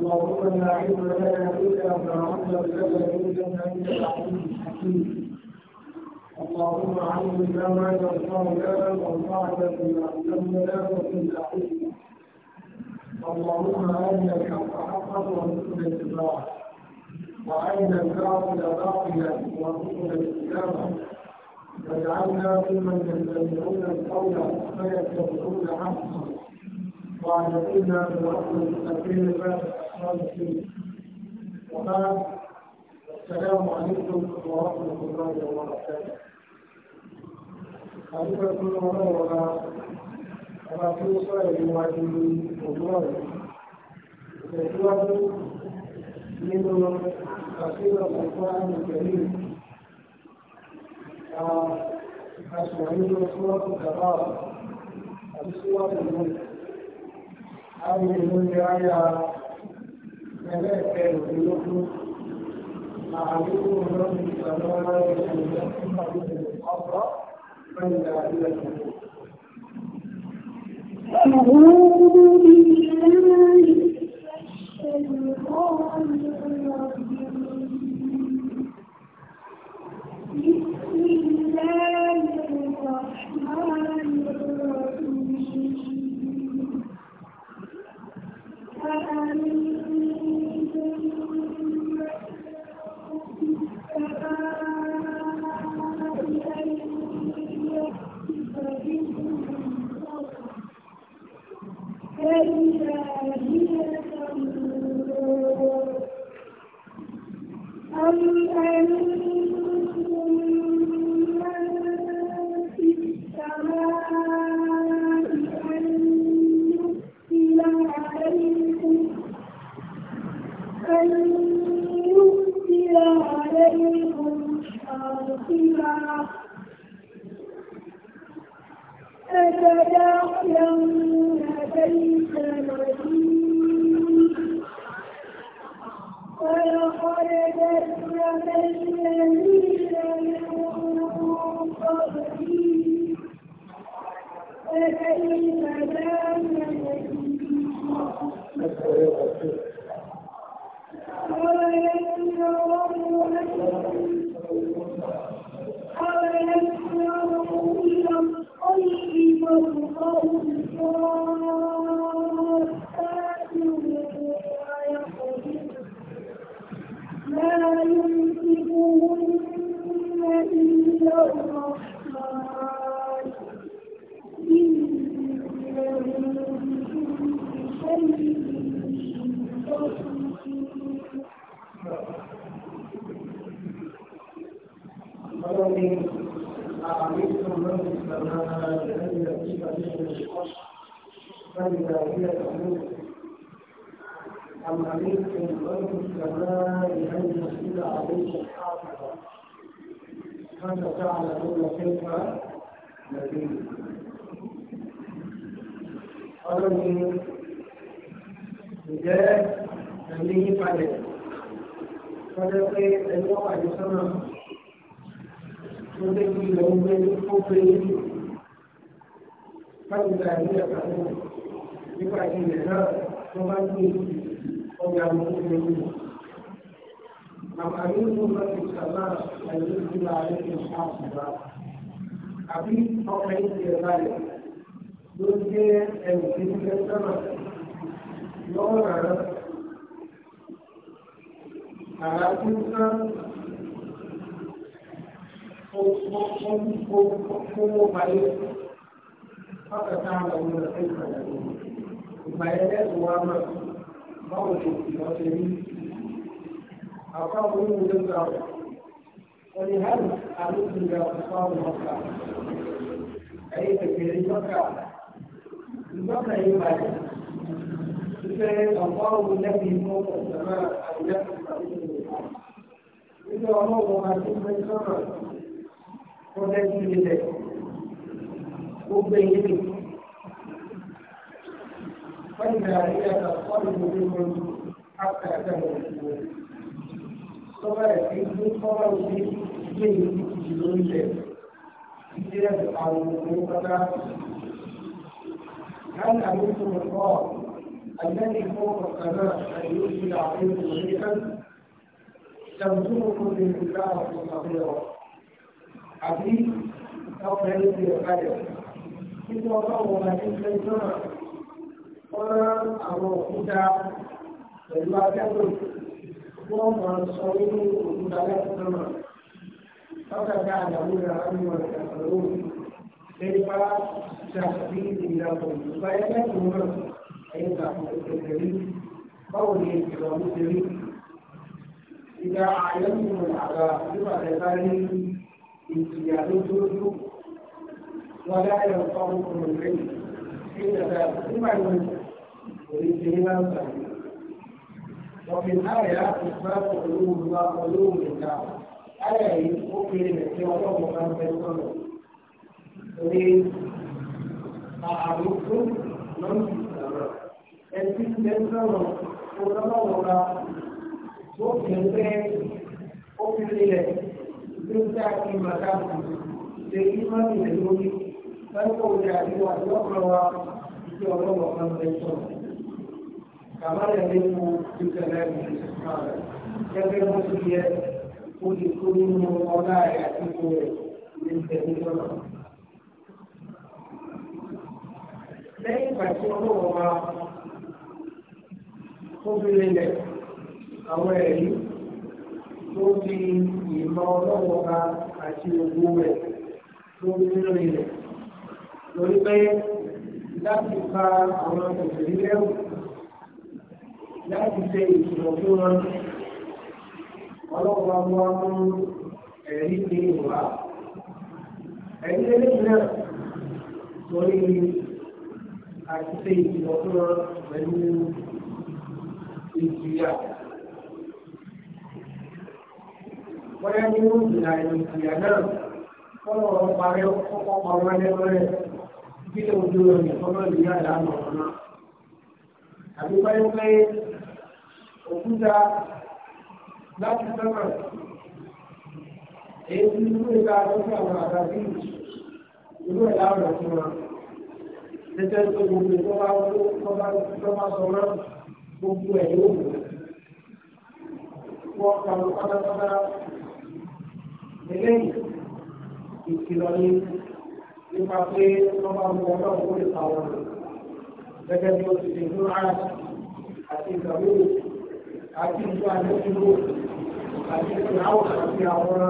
اللهم لا علم لنا الا ما علمتنا انك انت العليم الحكيم اللهم علمنا ما ينفعنا وانفعنا بما علمنا وكنا علما اللهم ارنا الحق حقا وارزقنا اتباعه وارنا الباطل باطلا وارزقنا اجتنابه واجعلنا ممن يستمعون القول فيتبعون احسنه وعلمنا برحمتك خير وبعد السلام عليكم ورحمة الله وبركاته Àdúgbò tó ń rán ọ̀la ọba tí ó sọ̀rọ̀ níwájú òwúrọ̀ rẹ̀. Ìtẹ̀síwájú nínú àṣírò ọ̀pọ̀ àmì pẹ̀lú àṣùwà nínú síwájú gàbá àti síwájú náà. Àmì ìlú ni a yára ẹlẹ́ẹ̀kẹ́rìndínlógún àlékún lọ́nà ìṣàlọ́wọ́ ìṣẹ̀lẹ̀ nípa ìṣẹ̀lẹ̀ ọ̀pọ̀ fẹ́ǹdà ilẹ̀ ìṣẹ̀lẹ̀. أعوذ بالله الشيطان الرجيم بسم الله الرحمن الرحيم من غير السماء أن يرسل عليكم حافظا فتعلمون كيف نذير قالوا ǹjẹ́ ẹ̀mí yípadẹ̀ sọ́jọ́ pé ẹ̀yọ́ àjọsọ́nà tó dé bí ilẹ̀ ń gbé ó gbé yìí láti gba ìlú ẹ̀ka náà nípa ìpìlẹ̀ náà tó bá gbé yìí. ويعملون منه أم أمنتم من في السماء أن ينزل عليكم حاصبا أبي أوحيت ذلك لنجي أن تلك السماء يورا على تلك قوموا عليه فقد تعلمون كيف يكون فيلات وامر báwo kò sì lọ ṣe rí àpapọ̀ nínú ilé rẹ̀ wọ́n hàn àlùkù ìgbà àpapọ̀ mọ́kà ẹ̀yìn kékeré mọ́kà yìí bàjẹ́ ṣíṣe àpapọ̀ lẹ́bi mọ́kà sọ́nà àìlẹ́kùn nígbà ọlọ́run àti ìgbẹ́ sọ́nà kọ́lẹ́kùn ilẹ̀ gbogbo ìyẹ́nì. فإذا هي تضطرب منهم حتى تهلكوا sọ́wọ́ ẹ̀sìn ní kọ́wọ́ ní ilé ìdíje lórílẹ̀ ìdílé àwọn òkú pátá. هل أمنتم الله الذي فوق السماء أن يرسل عليكم ريحا تمسككم من تجارة صغيرة àbí ọkùnrin ti ọ̀kadà nítorí ọlọ́run ọba ní ilé náà wọ́n àwọn òkúta pẹ̀lú akẹ́kọ̀ọ́ wọ́n máa sọ nínú òkúta lẹ́kọ̀ọ́ náà lọ́kàtà àdàmú ra àwọn ọ̀rẹ́ òun nípa ṣàfihàn ìlànà ìgbà ẹlẹ́kùn náà ẹ̀yìn tàbí kékeré báwo ni ìrọ̀lú ti rí ìgbà àyẹ̀wò àgbà nípa ẹ̀ka ní ìjìyà lójoojú wọ́n dá ẹ̀rọ fọ́ọ̀mù kùnú rẹ̀ nígbà tí wọ́n oríṣiríṣi láǹfààní. Wọ́n áyà ìgbà olówó wa olówó ìta. Áyà yìí ó kéré rẹ̀ tí ọlọ́run máa ń bẹ sọ̀rọ̀. Orí àrùn fún lọ́nà ìsọ̀rọ̀. Ẹtí ń bẹ sọ̀rọ̀ olówó wa tó fi ń bẹ ó fi rilẹ̀ tó ń tẹ́ àti màkà lè yí má nílẹ̀ lórí. Lọ́pọ̀ òde àti wà lọ́pọ̀ wa ìṣe كما lórí pé láti pa àwọn òṣèlú lẹ́rù láti ṣe ìṣòro fún wọn ọlọ́pàá wọn mú ẹ̀rí ní ìwà ẹ̀rí lẹ́yìn náà torí àti ṣe ìṣòro fún wọn pẹ̀lú ìjìyà. bóyá nínú ìlà ìjìyà náà kọ́nà ọ̀rọ̀ parí ọkọ̀ ọmọ ẹlẹ́gbẹ̀rẹ̀ bí ojú ọ̀nà ìfọ́nà ìyá ìlànà ọ̀nà àbí báyọ̀ pé òkúta láti sọ́nà èyí tí ó ń ta lọ́sọ̀ àwọn àgbàdì ìlú ẹ̀ láwọn ọ̀tún wọn. Tẹ́tẹ́ tó gbogbo tó bá tó bá tó bá sọ náà gbogbo ẹ̀ yóò wù. Wọ́n kà ló pátápátá eléyìí ìkìlọ̀ ni nípa pé wọ́n bá mú ọ náà kó lè pa wọn lò gẹ́gẹ́ bí ó ti ṣe lóra àti ìgbàlú àti ìlú àjọṣirò àti ìgbàwọ̀ àti àwọn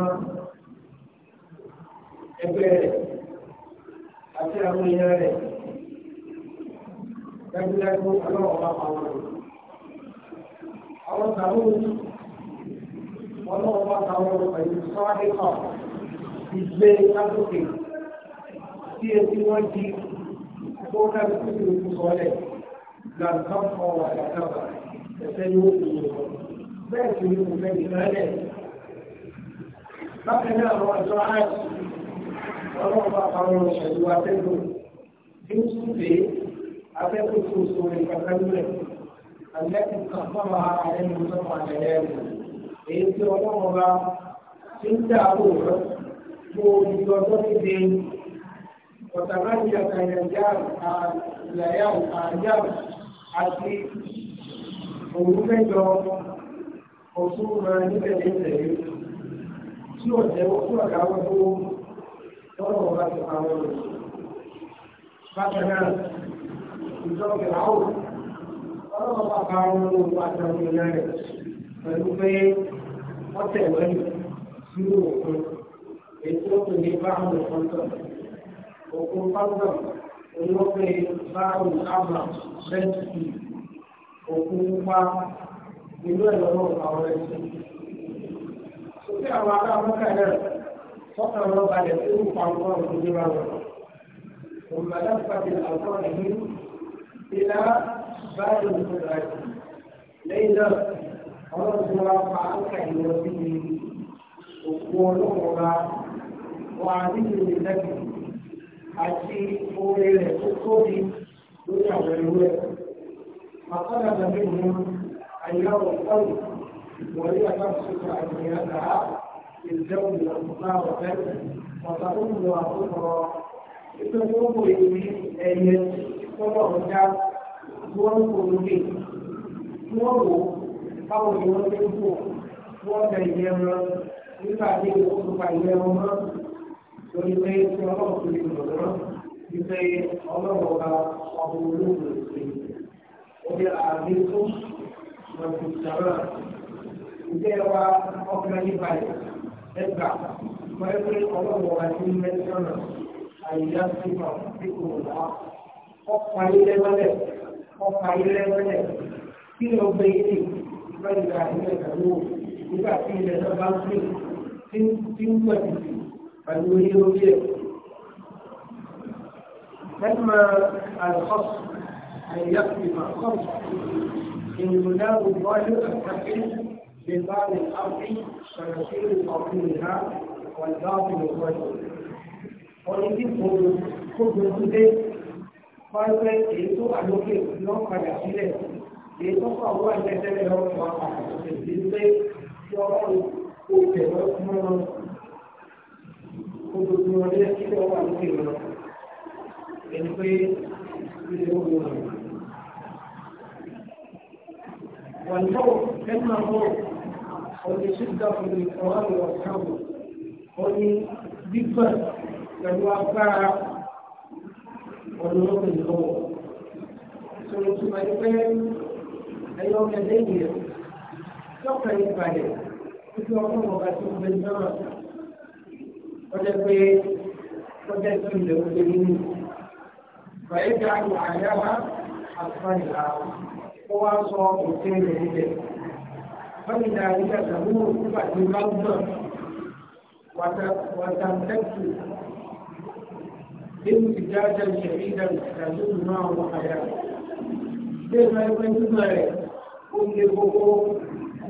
ẹgbẹ́ rẹ̀ àti àwọn èèyàn rẹ̀ dájúdájú ọlọ́wọ́ bá pa wọn. Àwọn ìgbàlú ọlọ́wọ́ bá pa wọn pẹ̀lú sọ́wádìí kan ìgbé lásòkè tí etí wọ́n di tó kárí tó ti kú sọlẹ̀ làǹkan fọ àyàkàbà ẹsẹ̀ yóò fi yẹ bẹ́ẹ̀ sì ni kò fẹ́ ìrẹ́lẹ̀ bákan náà àwọn àjọ àìsí ọlọ́ọ̀bá àwọn ìṣẹ̀lú atẹ́gùn tí ó tún dé atẹ́gùn tó so ìgbàkanlẹ̀ alẹ́kùn kan fọ́nà ààrẹ ní ọjọ́ àjẹyẹ rẹ̀ èyí tí ọlọ́ọ̀bá ti ń dààbò rẹ̀ kó ìjọ tó ti dé وتغيرت الأيام الأيام الأيام àti òun mẹ́jọ ọ̀tún máa níbẹ̀ níbẹ̀ tí ó jẹ́ ojú ọ̀gá wọn tó lọ́rọ̀ wọn láti pa wọn lọ. Bákan náà, ìjọba àwọn ọlọ́run bá bá wọn lọ wá àtàwọn ìlànà rẹ̀ pẹ̀lú pé wọ́n tẹ̀wé sínú òkun èyí tó òkun fáwọn olóògbé báwọn àmà bẹ́ẹ̀kì òkun pa ìlú ẹ̀ lọ́wọ́ àwọn ẹ̀sìn. Sókè àwọn ará Amẹ́ríkà náà sọ́kàn lọ balẹ̀ tó ń pa ọgbọ́n òkúté bá wọn. Òmùbàdàn pàdé àwọn ẹ̀mí ìlà báyìí òkú rẹ̀. Lẹ́yìn náà, ọlọ́run tó wá pa Amẹ́ríkà ìlú ọdún yìí òkú ọlọ́run wa wà nídìí lẹ́kìtì àti oore rẹ̀ tó tóbi lórí àwọn ẹrú ẹ̀. Àkọ́dà tàbí mú àyàwó ọ̀rọ̀ ìwọlé àbáṣepọ̀ àgbẹ̀yà náà ìjẹun ìlànà ọ̀fẹ́ ọ̀tà tó ń lo àkókò ìpè tó kò ìwé ẹ̀yẹ tọ́lọ̀ ọ̀dá wọ́n kò lókè. Wọ́n wò báwo ni wọ́n ti ń kó wọ́n bẹ̀ ìyẹn rán nígbà tí ó ń pa ìyẹn rán lórí pé tí ọlọ́run tó lè lò lọ́rọ́ wípé ọlọ́run ọba ọmọ olóògbé ṣe orí àbí tó lọ́sí ìṣàrọ̀ ìdẹ́ wa ọkùnrin yìí balẹ̀ ẹgbà wọ́n pé ọlọ́run ọba ti ń mẹ́tọ́nà àyíká sí ọ̀ sí kò wá ọkọ̀ ayílẹ̀ mọ́lẹ̀ ọkọ̀ ayílẹ̀ mọ́lẹ̀ kí ló gbé ilé ìgbàlùkà ilẹ̀ ìgbàlùwò nígbà tí ilẹ̀ náà bá ń pè tí ń pẹ̀lú pẹ̀lú lórí ẹ̀. Lẹ́gbà àlùkọ́sù àyíyá ìgbà kọ́sù ìrìnlẹ́rù bọ́ọ̀lù àtàkì lè bá lè áwùí sọ̀rọ̀ sí ọ̀gbìn ìhá wọ̀lọ́ọ̀bù lọ́wọ́lù. Orin tí kò gbogbo dé pàṣẹ èyí tó wà lókè lọ́ padà sílẹ̀ èyí tó kọ̀ wọ́n ẹgbẹ́ tẹ́lẹ̀ lọ́wọ́ padà sílẹ̀ sí pé kí ọlọ́run kò tẹ̀wọ́ fún ọ gbogbo wọn lé kí wọ́n wà ní ìlú ẹni pé ilé wọn wò wọn. wọn náà ẹnu àwọn ọdẹ ṣíṣá fún mi ọwọ́ àwọn ọ̀sáwọ̀ wọn ní gbígbà pẹ̀lú agbára ọ̀dọ́mọkùnrin lọ́wọ́. sọ̀rọ̀ tí wọ́n ti pẹ́ ẹyọ ọmọdé yìí lọ́kàn ìbàdàn títí ọkọ̀ ọ̀gá tó ń bẹ náà kọjá pé kọjá tó ilẹ̀ òkè nínú bàyẹ̀ bí àwọn àyàwá àtúfà ìlà ó wá sọ òkè rẹ̀ níbẹ̀ báyìí ní àríkà tàbí òkúta ní lọ́gbọ̀n wàtàǹtẹ̀kù nínú ìdájọ́ ìṣẹ̀lẹ̀ ìdájọ́ ìmọ̀ àwọn àyàwó. Bí ẹ̀ka ẹgbẹ́ rẹ̀ ó ń lé gbogbo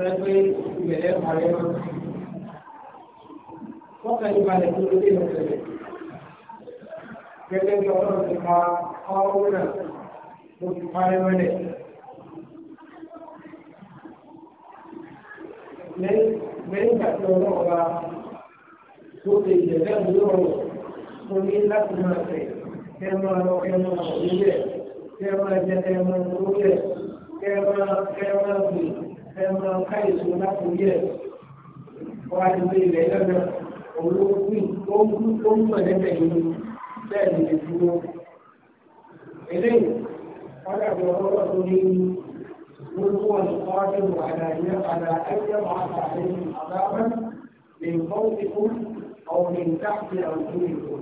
ẹgbẹ́ ìgbẹ̀lẹ́ àyẹ̀wò fọ́kàn ìbalẹ̀ tó ló dé lọ́sẹ̀lẹ̀. Gẹ́gẹ́ bí ọlọ́run ti pa ọ́rọ́ náà ló ti parẹ́ mẹ́lẹ̀. Lẹ́yìn ìgbà tí ọlọ́run bá tó ṣe ìjẹ̀lẹ̀ lórọ̀ tó ní láti máa tẹ̀ kẹ́ máa lọ kẹ́ máa wọ̀ nílẹ̀ kẹ́ máa jẹ kẹ́ máa lówó lẹ̀ kẹ́ máa kẹ́ máa gbìn kẹ́ máa ká èso olóògùn tó ń kú tó ń mọ̀ lẹ́sẹ̀ yìí bẹ́ẹ̀ ni lè dúró. eléyìí pàtàkì ọlọ́wọ́ tó ní gbogbo ọ̀sán àdáyé àdá ẹgbẹ́ máa tàbí àdáwẹ́ lè kọ́ ikú ọ̀hún lè dáàbì àwùjọ ìlú.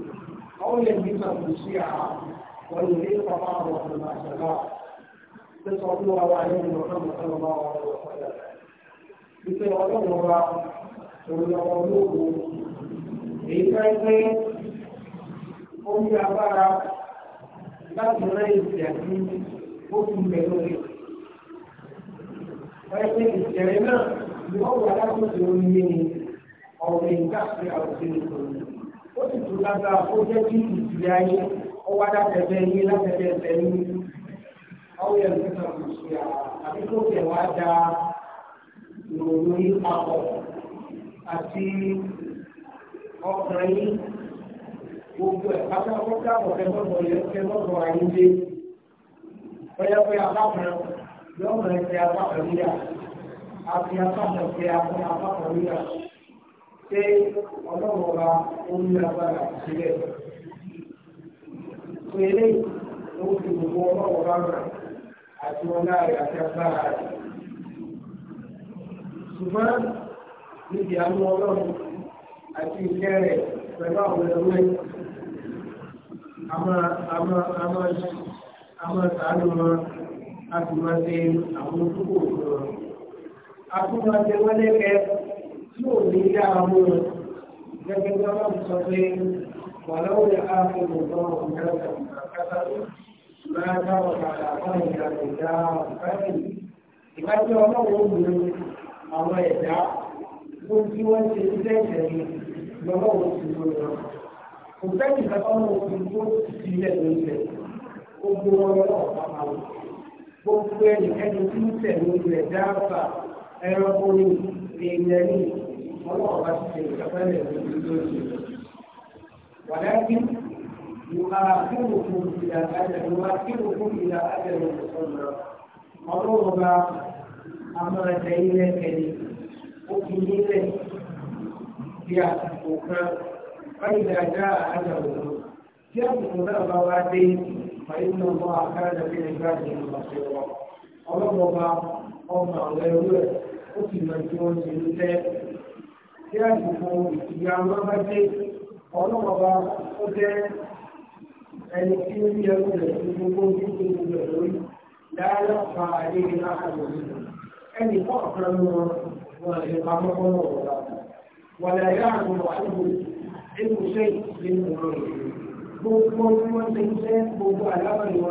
ọ̀hún lè bí kàkùn sí àá wọ́n lè pàpà àwọn ọ̀sán àṣàlá. tó sọ fún wa wà nínú ọ̀sán ọ̀sán ọba ọ̀rọ̀ ọ̀sán. ìpè ọlọ́run wa òun lọ́wọ́ olóògùn èyí tó ń pé ó ní agbára láti rẹ́ ìsìn àti ó fi bẹ̀ lórí. wọ́n ṣe ìṣẹ̀lẹ̀ náà ni wọ́n wà lákòóso omi ní ọ̀rọ̀ ìgbà tí a ò ṣe ètò ó sì tún lágbára ó jẹ́ kí ìdílé ayé ó wá látẹ̀bẹ̀ yín látẹ̀bẹ̀ ẹ̀bẹ̀ yín ọ̀rọ̀ yẹn ló sọ̀rọ̀ kò sí àrà ọkùnrin yìí gbogbo ẹ̀ pátákọ́tà ọ̀fẹ́ lọ́dọ̀ yẹn fẹ́ lọ́dọ̀ ayé dé pẹ́yẹ́pẹ́yẹ́ apákan lọ́mọ ẹ̀fẹ́ apákan níyà àti apákan apákan omi agbára sílẹ̀ ó gbogbo àti ọlá rẹ̀ àti agbára rẹ̀ ṣùgbọ́n níbi àwọn ọlọ́run. àti ìkẹ́ rẹ̀ pẹ̀lú àwọn ẹ̀rọ ẹ̀ a máa sàánú wọn a sì máa ṣe àwọn olùkókò fún wọn. a tún máa ṣe wọ́n lẹ́kẹ́ tí ò ní yá àwọn gẹ́gẹ́ bí wọ́n sọ pé wàlọ́wọ́ yà á fi lè gbọ́ ọ̀hún lọ́sẹ̀ kátà máa dáwọ̀ padà fún ìyàwó ìdá ọ̀gáyìn. ìbájọ́ ọlọ́run ó gbé àwọn ẹ̀dá tó tí wọ́n ṣe ń tẹ̀sẹ̀ yìí lọ́wọ́ òfin tó lọ. Kò sẹ́yìn ìjọba náà òfin tó ti ilẹ̀ lóúnjẹ. Gbogbo ọ̀rọ̀ ọ̀pá máa wò. Gbogbo ẹnì ẹni tí ń tẹ̀ lóúnjẹ dáàbà ẹranko ni èèyàn ni ọlọ́wọ́ bá ti ṣe ìjọba ilẹ̀ lóúnjẹ. Wàdájú يؤخركم إلى أجل يؤخركم إلى أجل مسمى ọlọ́run bá amọ̀ràn ilé ẹ̀kẹ́ni ó fi ilé ẹ̀kẹ́ bí àsìkò kan báyìí dáadáa àdàwọ̀ tí àsìkò náà bá wá dé báyìí náà mọ́ àkàrà bí ẹgbẹ́ àti ìrìnàṣẹ́ wọn ọlọ́pọ̀ bá ọmọ àwọn ẹrú ẹ̀ ó sì mọ tí wọ́n ti ń tẹ́ tí àsìkò ìyá wọn bá dé ọlọ́pọ̀ bá ó jẹ́ ẹni tí ó ní ẹrú rẹ̀ ní gbogbo ní gbogbo rẹ̀ lórí dáadáa fa àdéhùn láàárín ẹni kọ̀ọ̀kan wọn wọn àti ìpamọ́ fọ́nà wọn. ولا يعلم أحد علم شيء من غيره ممكن يكون الإنسان موضوع الأمل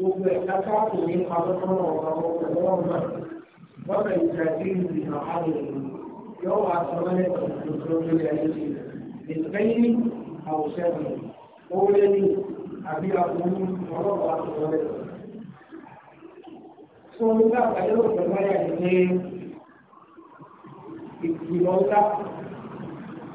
وتكعب من حضرتنا وتكعب ومن ذاتين من أحد يوعى ثمانة الدكتور الجليل من غير أو شابه أولاني أبي أقول مرضى ثمانة Sonunda ayrılık olmaya gittiği ikili olta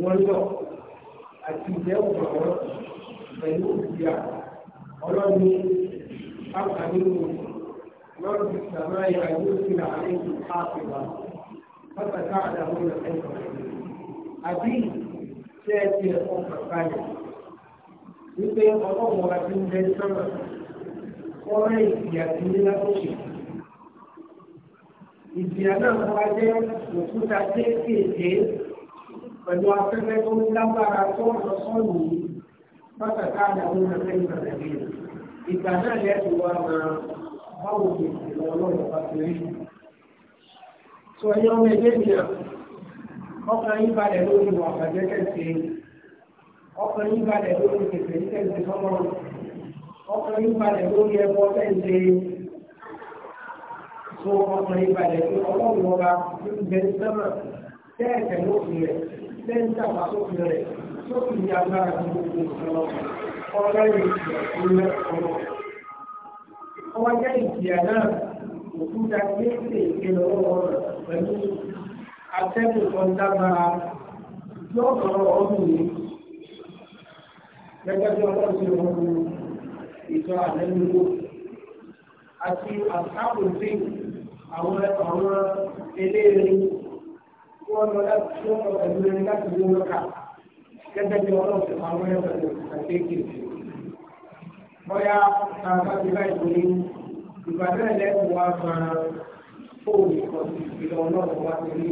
wọ́n lọ àti ìjẹ́ òkòrò pẹ̀lú òkúta ọlọ́ni àkànínú lọ́rùn ti sàmà ìyá yóò fi là àárín àpèwà pátákà àdàmú nà ẹ̀kọ́ àbí tẹ́ ẹ ti ẹ̀kọ́ kàkà yẹn wípé ọlọ́wọ́ àti ń bẹ sọ́nà kọ́rẹ́ ìyà tí ní lákòókè. ìjìyà náà wájẹ́ òkúta kéékèèké pẹ̀lú afẹ́fẹ́ tó ń lágbára tó ń lọ sọ́ọ̀nù yìí bákàtà àdàmú ẹgbẹ́ ìgbàlódé ìgbà náà lẹ́tọ̀ wá máa báwo ni ìlọ ọlọ́run bá ti rí. sọ ẹyọ ọmọ ẹgbẹ́ mi à ọkàn yín balẹ̀ lórí ìwà àbàjẹ́ kẹsì ọkàn yín balẹ̀ lórí kẹsì ní kẹsì sọ́mọ ọkàn yín balẹ̀ lórí ẹbọ kẹsì sọ ọkàn yín balẹ̀ lórí ọlọ́run ọba ní ìgbẹ́ sẹ́mà tẹ́ẹ̀tẹ̀ lókè rẹ̀ lẹ́yìn tàbá tó fi rẹ̀ tó fi ní agbára ní gbogbo ọ̀rọ̀ ìrìnlẹ̀ ọ̀rọ̀. Ọwọ́ jẹ́ ìjìyà náà òkúta kéèké ìkẹlẹ̀ ọ̀rọ̀ àwọn àwọn wọ́n lọ láti ṣe ọ̀pọ̀ pẹ̀lú ẹni láti lé lọ́kà gẹ́gẹ́ bí ọlọ́run ti máa wọ́n ẹ̀rọ ìgbàgbé bóyá àwọn ìgbà ìgbòho ìgbàgbé ẹ̀lẹ́kùn wa máa fóònù ìkọ̀sí ìlọ ọlọ́run wa ti rí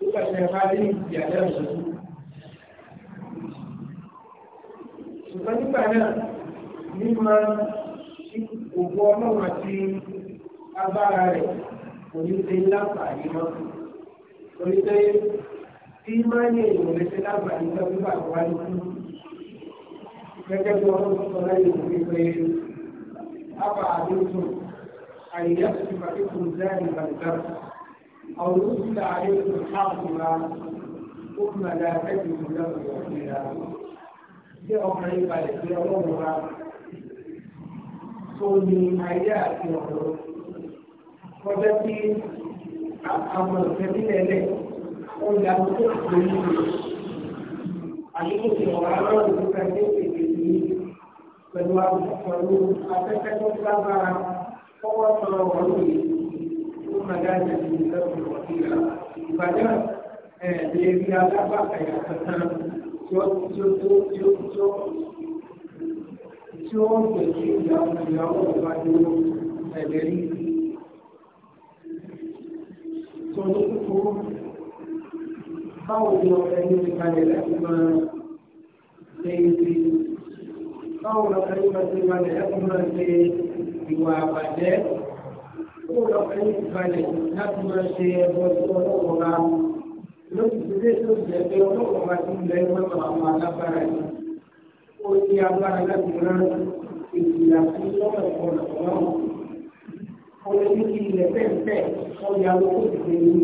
nígbà tí ẹ bá rí ìyàlẹ́ òṣèlú. ṣùgbọ́n nígbà náà mímọ ògbó ọlọ́run àti agbára rẹ̀ kò ní ṣe láǹfààní mọ́ torí pé tí máa ní èèyàn lè ṣe láǹfààní tó bí bàbá wa ní kú gẹ́gẹ́ bí wọ́n sọ lẹ́yìn òní pé ábà àdéhùn àyíyá tó ti bàbá kò dáàrí bàbá àwọn olùsílẹ̀ àdéhùn káàkùnrà ó fi màdà ẹ̀jẹ̀ tó lọ́wọ́ ìwọ̀nìyà jẹ́ ọkùnrin ìbàdàn tí ọlọ́run wa tó ní ayé àti ọ̀rọ̀ kọjá àwọn ìfẹ́sílẹ̀ lẹ̀ ó yà tó tó tó ní ìlú. Àdúgbò ti ọ̀rọ̀ aláwọ̀ tó ká ní èdè ní pẹ̀lú pẹ̀lú afẹ́fẹ́ tó lágbára fọwọ́ sọ̀rọ̀ wọ̀ lóye tó máa dá ìjà sí ìlú lẹ́kùn ìwà. Ìbàdàn ẹ̀ lè rí alábàkà yàtọ̀ tán tí ó tí ó ń pè ìyàwó ìwádìí ẹ̀lẹ́rìí. ìṣòro kúkúrú báwo ni ọ̀rẹ́ ní ìkàlẹ̀ láti máa ṣe ibi báwo ni ọ̀rẹ́ ní ìkàlẹ̀ láti máa ṣe ìwà àbàjẹ́ báwo ni ọ̀rẹ́ ní ìkàlẹ̀ láti máa ṣe ẹ̀bọ sí ọlọ́wọ́ bá lóṣìṣẹ́ tó jẹ́ pé ọlọ́wọ́ bá ti ń àwọn alágbára yìí ó ti agbára láti rán ìjìyà sí lọ́wọ́ ẹ̀kọ́ ọ̀nà ọ̀nà omi ti ilẹ̀ pẹ́ẹ́pẹ́ ọ̀yà owó ìgbé ní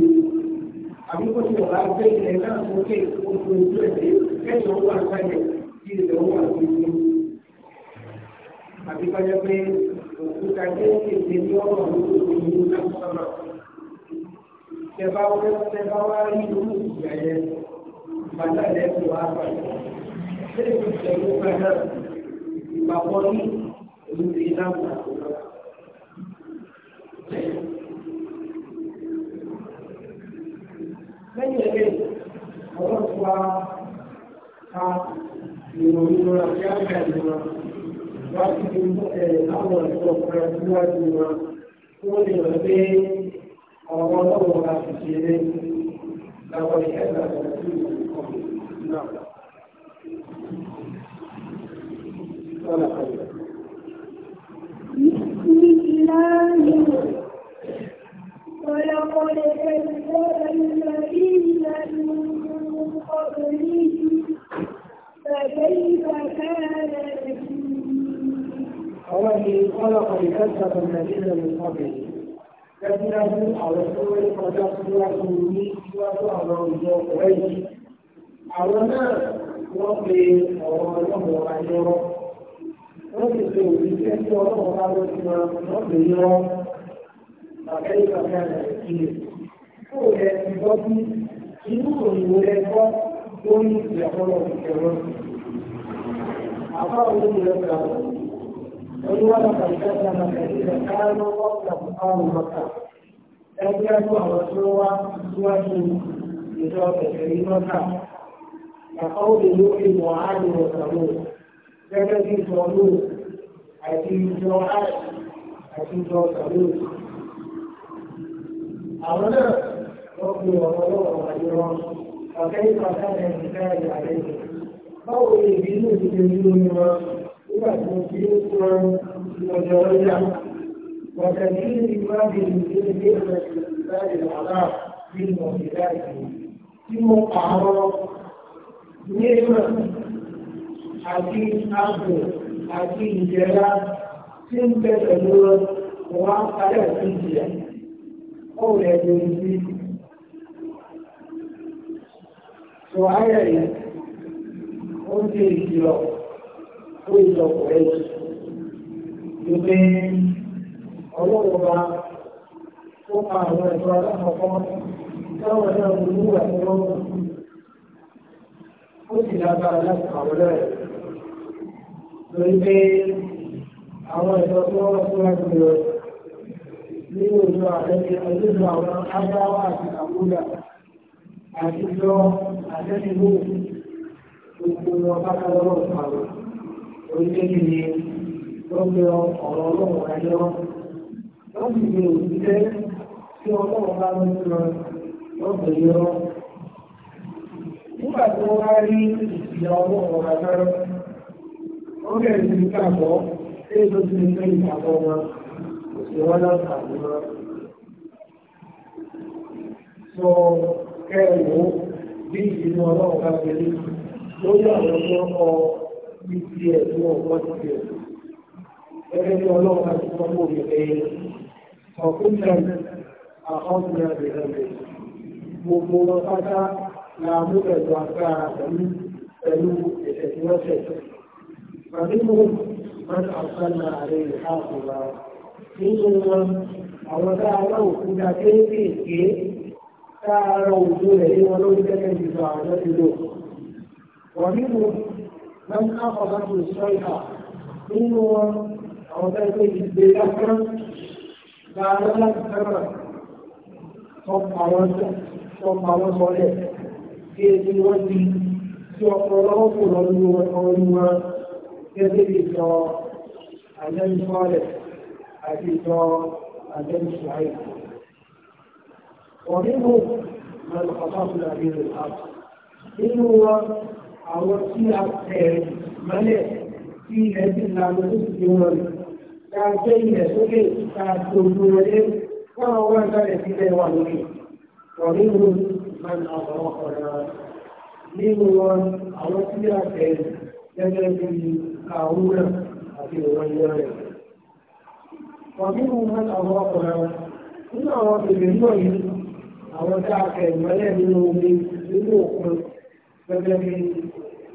àbí kó ti ọ̀la gbé ilẹ̀ náà sókè ojú ojú ẹ̀dẹ́ kẹ́yìn owó àgbáyé kí ilẹ̀ owó àgbéyé. àbí kọjá pé òkúta kéékèèké ní ọ̀rọ̀ lóko ìlú lásánà. tẹ̀bá wọ́n tẹ̀bá wá rí irú ìgbàgbọ́ ní ìlú ìlànà àwọn ìṣòro kan síwájú wọn tí wọ́n lè rẹ̀ pé àwọn ọlọ́wọ́ la fi ṣeré làwọn ìṣẹ̀lẹ̀ àwọn tí wọ́n kọ̀ náà. الله خلق لكذب الذين من قبله dájúdájú àwọn tó ń kọjá síwájú ní síwájú àwọn ìjọ ọ̀rẹ́ yìí àwọn náà wọ́n pe ọ̀rọ̀ ọlọ́run ọba yọrọ wọ́n sì pe òṣìṣẹ́ tí ọlọ́run ọba ló ti máa wọ́n pe yọrọ bàbá yìí bàbá rẹ̀ kí ni kó o lẹ ti gbọ́ bí inú òyìnbó lẹ kọ́ lórí ìyàwó ọ̀rọ̀ ìjọba àbá òun lọ gbà wọ́n. قل ولقد كذب الذين كانوا قبلهم قالوا مكة كذبوا الرسول سوره بسوره كريمه كقول نوح وعاد وثمود كذب ثمود عزيز وعاد عزيز وثمود أولا ربي وغيره وغيره وكيف كان الإنسان عليه قولي بنوح جميل nígbà tí mo fi ń sọ ìrọ̀lẹ́ ọjà وكثير ما بالنسبة لله العذاب من موجوداته ثم قعر نعمة حكيم عبد حكيم جلال ثم تدور وعقل الفيديا قول يدرسي سؤالي قلت الجواب fún ìjọ ọ̀rẹ́ jù. Ìgbé ọlọ́wọ́ba ó pa àwọn ẹ̀tọ́ alákọ̀ọ́kọ́ táwọn náà ń mú ẹ̀tọ́ ó sì lágbára láti pàwọ́ lọ́rẹ̀. Lórí pé àwọn ẹ̀tọ́ tó wọ́n tó wá ọdún àwọn àti àti ìjọ gbogbo wọn bá ká lọ́wọ́ orílẹ̀-èdè ni wọ́n ọ̀rọ̀ ọlọ́run ayọ́ wọ́n sì gbé òṣìṣẹ́ tí ọlọ́run bá ń lọ lọ́gbẹ̀ yọ. nígbà tí wọ́n wá rí ìyá ọlọ́run ayọ́ wọ́n bẹ̀rẹ̀ sí ìgbàgbọ́ tí èso ti ní ìgbàgbọ́ wọn kò sí wọn láǹfààní wọn. sọ kẹrù bí ìlú ọlọ́run bá gbé lórí àwọn tó ń kọ ní tiẹ̀ tí wọ́n wọ́n ti tiẹ̀. Ẹgbẹ́ tí ọlọ́run àti sọ́kò mi pé ọ̀kúnlẹ̀ àkọsílẹ̀ rẹ̀ rẹ̀. Gbogbo wọn pátá la mú pẹ̀lú agbára pẹ̀lú pẹ̀lú ẹ̀sẹ̀ tí wọ́n ṣẹ̀. Màdínú máa ń àṣàlà ààrẹ ìhàkùnrà. Nínú wọn, àwọn tá a rá òkú dá kéékèèké tá a rá òkú rẹ̀ ní lórí gẹ́gẹ́ bí àwọn ti lò. Wọ́n nínú من أخذته الصيحة منه أوتيته بذكر بعد ذلك ذكر ثم وجه ثم وصله في الوجه يقرأه رجل وقوله يدري عليه صالح حديث عليه شعيب ومنه من خطف الأمير الحق منه àwọn tí a tẹ̀ mọ́lẹ̀ tí ilẹ̀ ti la lójú ti wọn rẹ̀ ká gbé ilẹ̀ sókè ká gbogbo wọlé káwọn wọn sálẹ̀ sílẹ̀ wà lókè wọ́n nínú man àwọn ọ̀rọ̀ nínú wọn àwọn tí a tẹ̀ gẹ́gẹ́ bí àwọn náà àti ìwọ̀n yẹn rẹ̀. wọ́n nínú man àwọn àwọn ìrìn náà yìí àwọn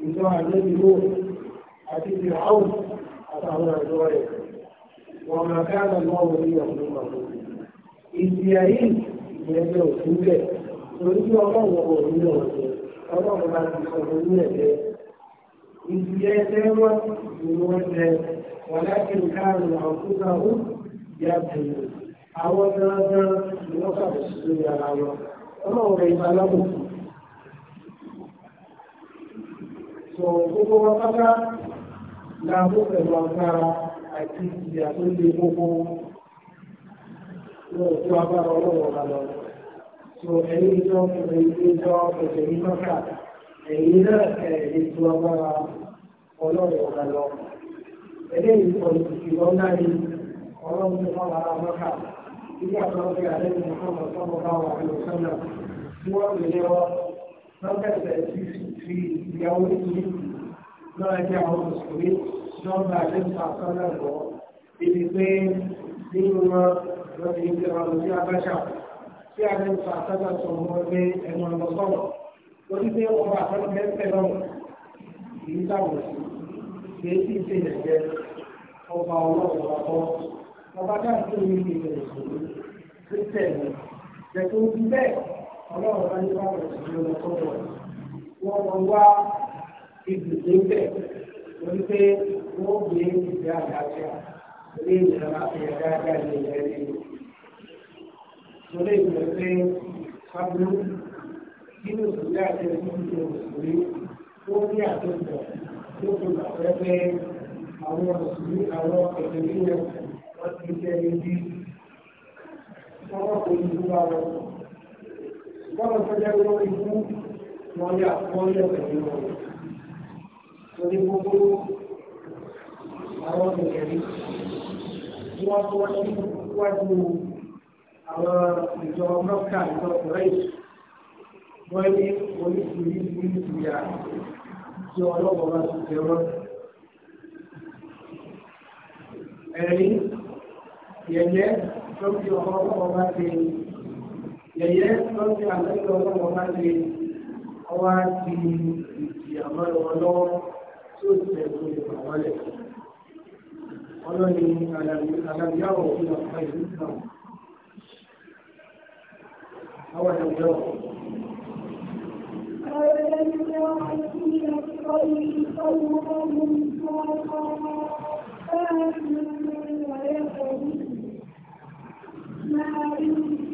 ìjọ àjẹ́bìlò àti ìràún àtàwọn àjọ rẹ̀ wọn máa káàdà lọ́wọ́ ní ọ̀pọ̀ ìgbàgbọ́. ìsì ayé ìgbẹ́jẹ́ òfin bẹ̀ torí bí ọlọ́wọ́ kò ní ọ̀jẹ́ ọlọ́wọ́ bá ti sọ fún ní ẹ̀jẹ́. ìsì ẹsẹ̀ sọ gbogbo wọn láàbò pẹ̀lú agbára àti ìyà tó lé gbogbo lọ́wọ́ tó agbára ọlọ́wọ́ lọ. sọ ẹ̀yin ìjọ ẹ̀yin ìjọ ẹ̀jẹ̀ ní mọ́kà náà ẹ̀yin tó agbára ọlọ́wọ́ lọ. eléyìí kọ̀ ìṣòro ńlá ni ọlọ́run tó fọwọ́ ara mọ́kà nígbà tó ń fi sọ́mọ́ bá wà ní òṣèlú tí wọ́n lè lé wọn wọ́n bẹ̀rẹ̀ sí fi ìyàwó yìí lọ́wọ́ ẹgbẹ́ àwọn mùsùlùmí nọ́mbà àdéhùn àkọọ́lẹ̀ lọ ibi pé nínú wọn lọ́dọ̀ yìí ti rọrùn sí abájá tí àdéhùn àkọọ́lẹ̀ sọ wọn pé ẹnu ọ̀nà sọ̀rọ̀ lórí pé ọba àkọọ́lẹ̀ mẹ́fẹ̀ẹ́ lọ́wọ́ kì í sàwọn sí kì í sì ṣe ìrẹ̀jẹ̀ ọba ọlọ́run ọkọ ọba dáàbò ní ìrẹ̀jẹ̀ ọlọ́run bá ní bàbá ìṣòro lọ sọ́dọ̀ wọ́n mọ wá ibùdó bẹ̀ lórí pé wọ́n gbé ìgbé àdájá lórí ìlànà àfihàn dáadáa ní ilẹ̀ rẹ̀ lórí ìlú pé sábúrú nínú ìṣòro àti ìṣòro ìṣòro ó ní àtúntò tó fi gbà pẹ́ pé àwọn ìṣòro àwọn ìṣòro yẹn wọ́n ti jẹ́ ibi wọ́n kò ní ìlú wa gbọ́dọ̀ tó jẹ́ lórí fún wọn yà wọ́n yẹ pẹ̀lú wọn. Torí gbogbo àwọn ìrẹ̀lẹ̀ tí wọ́n tó wájú wájú àwọn ìjọ mọ́kà ìjọ kùrẹ́ì wọ́n ní oríṣiríṣi ìyá tí ọlọ́wọ́ bá ti jẹ wọ́n. Ẹ̀rí yẹ̀yẹ́ tó fi ọ̀pọ̀lọpọ̀ bá ti yẹ̀yẹ́ lọ sí àlejò ọlọ́wọ́ bá lè ọwá di ìjìyà mọ́lọ́wọ́ lọ́wọ́ tí ó ti ẹ̀kọ́ lè bà wọ́n lẹ̀. ọlọ́ni fún ọ̀pá ìlú náà àwọn àjọ Thank you.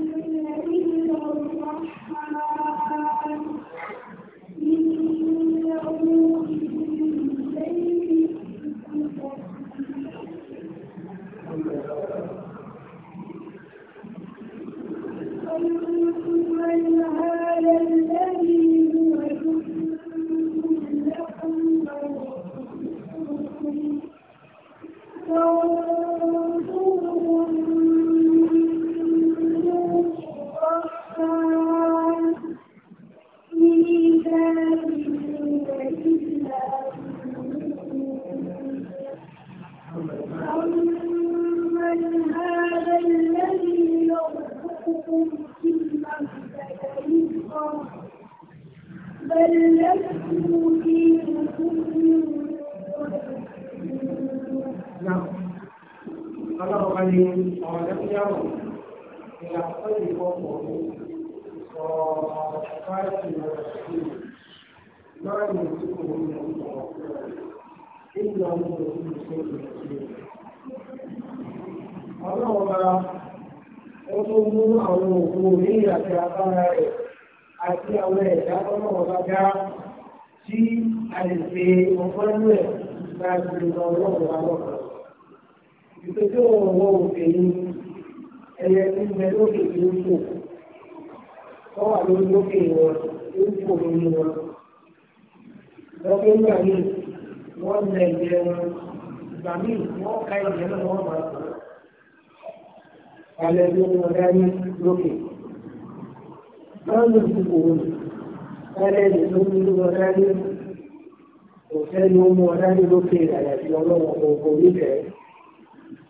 ẹni ọmọ ọ̀dájú lókè àyàfi ọlọ́run ọ̀gbọ̀n nífẹ̀ẹ́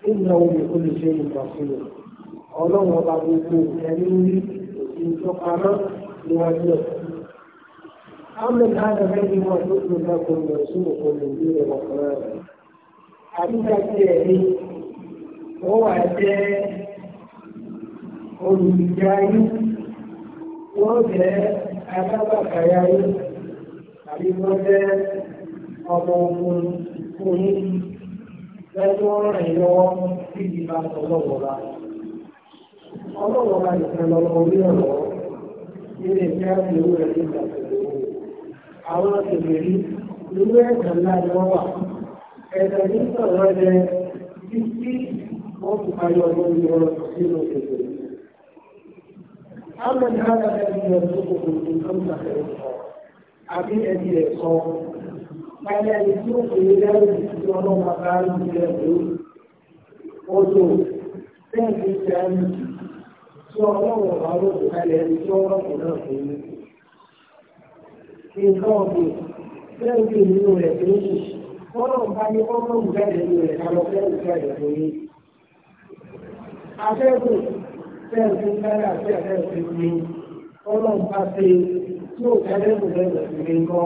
ìgbà omi kò lè ṣe ìgbàsílẹ̀ ọlọ́run ọba gbogbo ẹni ní ìtọ́pamọ́ níwájú ẹ̀. Ahmed Adam ẹni wọn ló ti ń kọ́ lọ sí òkò lòdì rẹ̀ ọ̀kọ̀rọ̀ rẹ̀. Àbíkà ti ẹ̀ ní wọ́n wà jẹ́ olùdíjáyé wọ́n jẹ́ alábàkáyáyé àbí wọ́n jẹ́ ọmọ ogun ikú oníbi lẹ́jọ́ rìn ìbá ọlọ́wọ́ra. ọlọ́wọ́ra nìkan lọ́wọ́ orí ọ̀rọ̀ ilé ìfẹ́ àti owó rẹ̀ ní ìgbà àwọn ìrírí nínú ẹ̀sán ńlá ni ní sọ̀rọ̀ ẹ̀ láyé ẹni tí lẹ́rù tí ọlọ́run bá ń lè lò tẹ́ǹtì sẹ́yìn tí ọlọ́run bá lò kó tí ọlọ́run náà fún mi. nǹkan ọ̀gbìn tẹ́ǹtì nínú rẹ̀ tó ń ṣe ọlọ́run bá ní ọlọ́run jáde nínú rẹ̀ kálọ̀ fẹ́ẹ̀rù jáde fún yín. atẹ́gùn tẹ́ǹtì kára àti àtẹ́ǹtì ni ọlọ́run bá ṣe tí ò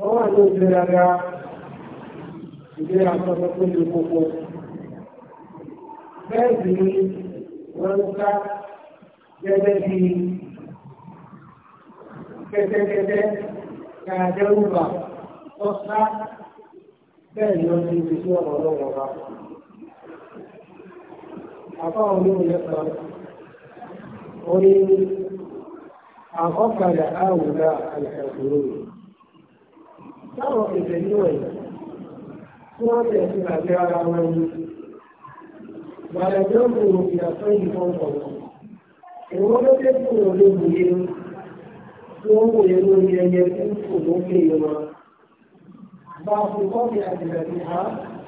wọ́n wà ní ìlú dada ìdí àtọ́jọ́ tó lè kókó bẹ́ẹ̀ sì ni wọ́n ń ká gẹ́gẹ́ bí kẹ́tẹ́kẹ́tẹ́ kàdẹ́rùbà tó ká bẹ́ẹ̀ ni wọ́n ti fi sí ọ̀rọ̀ lọ́wọ́ wa. àbáwọn olóòlẹ̀ táwọn kèfè ní wọ̀nyí tí wọ́n tẹ̀ sí àti ara wọn ní. Bàlẹ̀ tó ń bòrò ìyàtọ̀ kọ̀ Ìwọ́n ló dé kúrò lóbi yẹn tí wọ́n wòye lórí ẹyẹ tí ń fò lókè wọn. Bá a fi kọ́ bí àtìlẹ́bí ha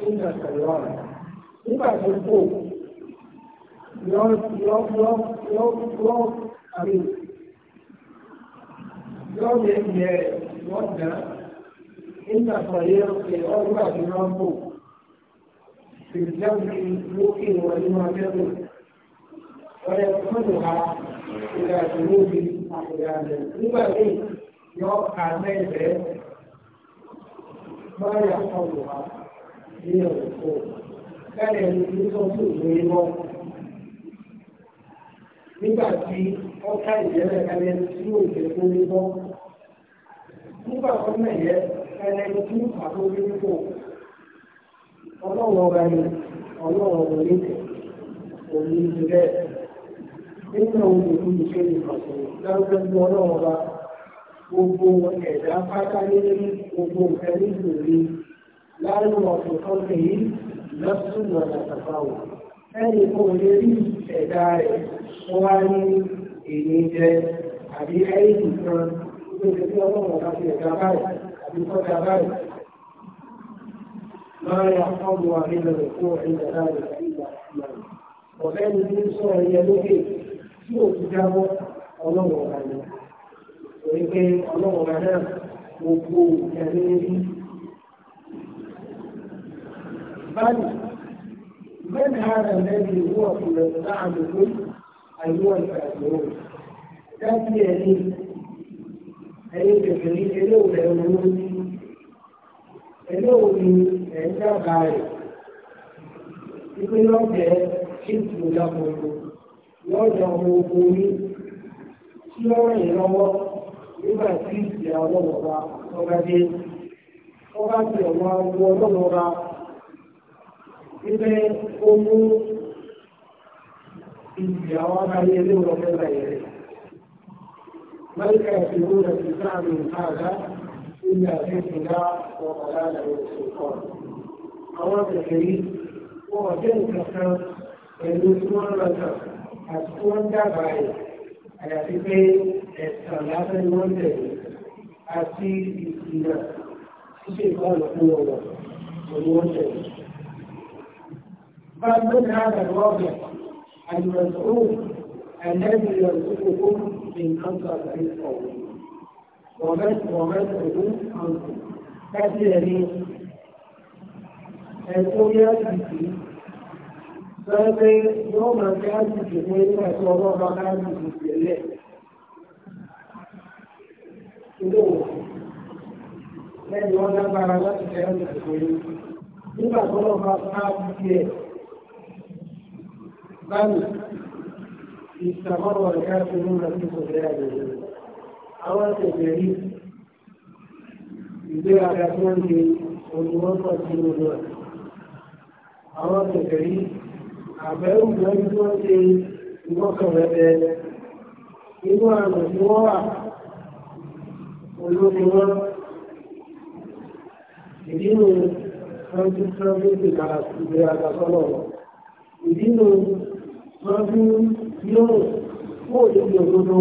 ń gbà pẹ̀lú Nígbà tó kò yọ yọ yọ yẹ wọ́n dán. nígbà pàdé ọ̀sẹ̀ ọgbà tí wọ́n bò fìdíjáde lókè wọlé wọn lẹ́rù ọ̀rẹ́ fúnnù ha ìgbà tí ó di àpòyàlẹ̀ nígbà tí na ọ̀ka ha nígbà tí ọ̀ka ìjẹ́rẹ̀ kalẹ̀ tí ó jẹ́ lórí wọn nígbà tó mẹ́yẹ ẹni tí àbó nínú kò ọlọ́wọ́ ọba ni ọlọ́wọ́ ọba ní kò òní ti bẹ́ẹ̀ nínú ohun èlò ìṣe ìfọ̀sọ̀ lọ́wọ́ ní ọlọ́wọ́ ọba gbogbo ẹ̀dá pátá ní gbogbo nǹkan ní ìlú láàrin ọ̀sán kan tèyí lọ́sùn ọ̀nà àtàkàwọ̀ ẹni kò lè rí ẹ̀dá rẹ̀ wá ní èyí jẹ àbí ẹ̀yìn kan tó ti fi ọlọ́wọ́ ọba ti ẹ̀dá báyìí. بفتح ذلك ما يحفظها من الوقوع عند ذلك الا الرحمن وكان من سوره يده سوء كتابه الله عليه ويمكن الله عليه وقوع كبير بل من هذا الذي هو في الدعم الكل ايها الكافرون تاتي يديه أي كفرين إليه ولا يؤمنون eléwo ni ẹ̀ ń dábàá rẹ̀ ibi yóò ọmọ ogun ní tí rìn lọ́wọ́ nígbà tí ìsì ọlọ́mọba ọba dé ọba إلا بإذن الله وضلاله والسلطان أواب الكريم هو جنة كان يدوسون لنا أسكون دابعي àyàfi pé ẹ̀sán lásán ni wọ́n tẹ̀lé àti ìsìnà ṣíṣe ìbáàlù fún ọ̀rọ̀ òní wọ́n tẹ̀lé. bá lónìí àgbàdo ọ̀gbẹ̀ àyùmọ̀sọ̀rọ̀ àlẹ́bí ìyọ̀sọ̀kọ̀kọ̀ nǹkan tó àgbáyé ọ̀wọ̀. ومسألوا عنكم láti ẹ̀rí ẹ̀kọ́ ní àjìjì sọ́ọ́pẹ́ yóò máa fi àjìjì fún ilé ẹ̀kọ́ ọlọ́ọ̀bá láàjìjì tẹ̀lẹ̀ ilé òkú lẹ́yìn wọn lágbára láti fẹ́ àjìjì fún ilé nígbà tó lọ́ọ́ bá bá àjìjì ẹ̀ báyìí ìṣàkọ́rọ̀ ẹ̀ka tó ń lọ sí ìṣòro àjòjì rẹ̀. àwọn tẹ̀lẹ̀ rí ìgbéraga tí wọ́n ṣe olùwọ́pọ̀ sí gbogbo ẹ̀ àwọn tẹ̀lẹ̀ rí àbẹ̀wò wọn tí wọ́n ṣe ìwọ́kàn inú àrùn tí wọ́n wà olómi wọn ìdínú ìdínú yóò kó òdòdó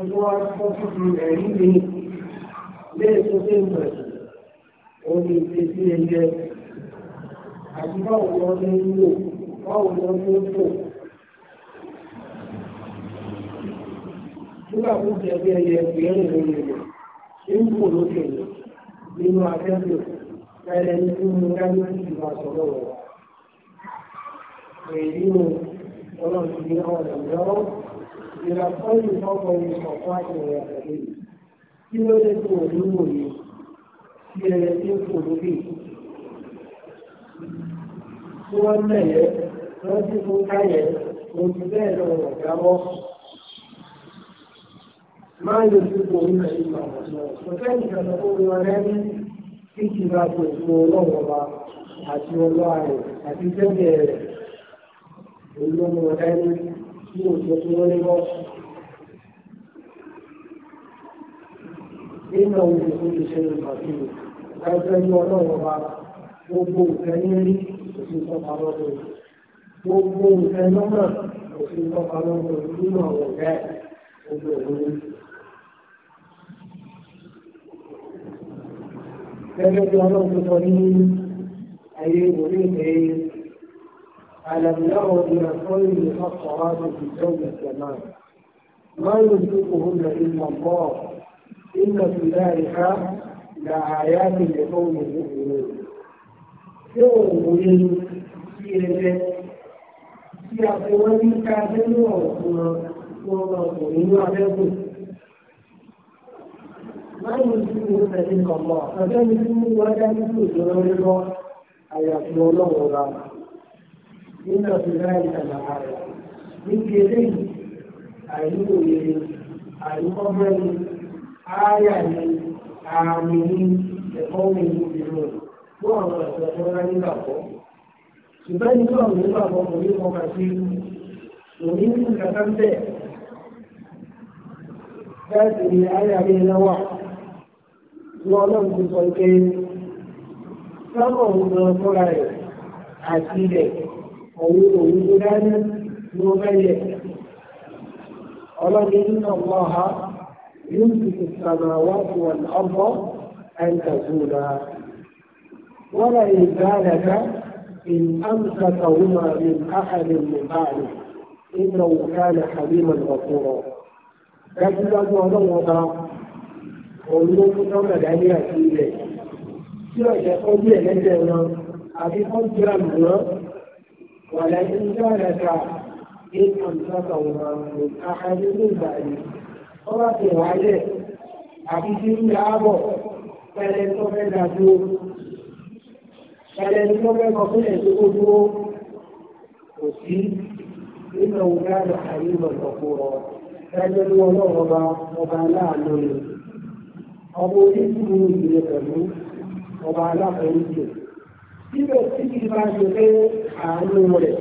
ọjọ́ ti ní fún mi dájú ìrọ̀pọ̀ ìfọ́kọ̀ ìṣọ̀kan àtìwẹ̀ àtẹ̀lé kí ló dé tó òní wòye sí ẹyẹ tí ó kò lókè tí wọ́n mẹ̀yẹ wọ́n ti fún káyẹ̀ òtún bẹ́ẹ̀ lọ rọ̀ jábọ́ máa yọ sí kò ní ẹ̀yìn ìgbàgbọ́ náà ọ̀fẹ́ ìjọba ó rí wọn rẹ́rí kí kì í bá tó ìfún ọlọ́wọ́ wa àti ọlọ́wà rẹ̀ àti jẹ́gẹ̀ẹ́ rẹ̀ òun ló mú wọn rẹ́rí tí ó jẹ́ tí wọ́n lé bọ́ọ̀sì. Nínú ohun tó ti ṣe ìpàdé ẹgbẹ́ ní ọlọ́run ọba gbogbo nǹkan rí òfin tọ́pa lọ́dọ̀ Gbogbo nǹkan lọ́nà òfin tọ́pa lọ́dọ̀ nínú àwọn ọ̀gá ẹ̀ gbogbo ìlú. Gẹ́gẹ́ bí ọlọ́run tó sọ ní ayé ìwòrí ìgbẹ́ ألم يروا إلى الطير فقرات في الجو السماء ما يمسكهن إلا الله إن في ذلك لآيات لقوم يؤمنون tí ó wò lé sí ẹgbẹ́ tí a fi wọ́n ní ká nínú ọ̀gbọ̀n wọn lọ sọ nínú abẹ́gùn. Láyé tí mo tẹ̀lé kọ̀ọ̀mọ́, ọ̀gá mi tí mo wá dá nínú ìjọba lé lọ, àyàfi ọlọ́run ra nínú ti láì sàlàkà rẹ̀ ní kéde yìí àìlóye àìkọ́gbẹ́ni ááyà ni àmì ní ẹ̀kọ́ mi ní ìlú fún àwọn ẹ̀sọ́ tó rá nígbà pọ̀. ṣùgbọ́n ní sọ̀rọ̀ nígbà pọ̀ kò ní kọ́ka sí òní ní kàkà ti sọ pé sábà òun lọ fúnra rẹ̀ àti ilẹ̀. òun òun dání ní ó mẹ́yẹ. ní ọlọ́ha yóò ti ti wá sí wọn ọgbọ́ àìkàzúra. wọ́n lè gbá àdàkà إن أمسكهما من أحد من بعده إنه كان حليما غفورا. dájúdájú ọlọ́run ọba òun ló fún tọ́mà dání àti ilẹ̀ tí ọ̀jẹ̀ ọdún ẹ̀lẹ́jẹ̀ wọn àbí kọ́ńtìrà mìíràn ولئن ذلك إن أمسكه من أحد من بعده ọba ti wà lẹ̀ àbí tí ń yà á bọ̀ pẹ̀lẹ́ tó fẹ́ dà dúró pẹ̀lẹ́ tó fẹ́ kọ sílẹ̀ tó kó dúró kò sí nínú òun dáadà àyè lọ̀tọ̀kọ̀ rọ̀ ẹgbẹ́ ní ọlọ́run ọba ọba aláàánú ni ọmọ oníṣìí ìrìn pẹ̀lú ọba aláàánú ni níbẹ̀ tí ìbá ṣe pé àánú rẹ̀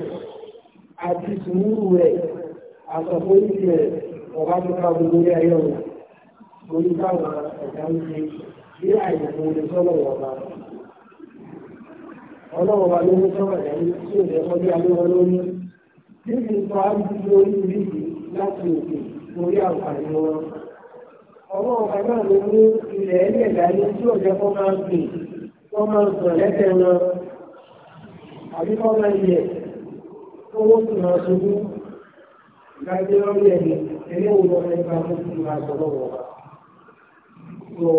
àti sùúrù rẹ̀ àtọ̀fóyìí rẹ̀ ọba tó ká gbogbo ní ayé ọ̀rọ̀ lórí báwọn ẹ̀dá ń ṣe bí àìsàn olè sọ́nà ọ̀ba. ọlọ́run wa ló ń sọ́nà ẹ̀dá ní tí òun ẹ̀kọ́ bí alẹ́ wọn lórí níbi ìfọ̀ àdúgbò orí ìlú láti òkè lórí àǹfààní wọn. ọlọ́run wa náà ló mú ilẹ̀ ẹ̀ẹ́dẹ̀ẹ̀dá ní tí òun ẹ̀kọ́ máa ń gbìn wọ́n máa ń sọ̀ lẹ́tẹ̀ẹ́ wọn àbíkọ́ máa yẹ owó sì máa ṣubú ìdájọ́ lórí ẹni ẹni wo lọ́wọ́ ẹni máa mú máa sọ so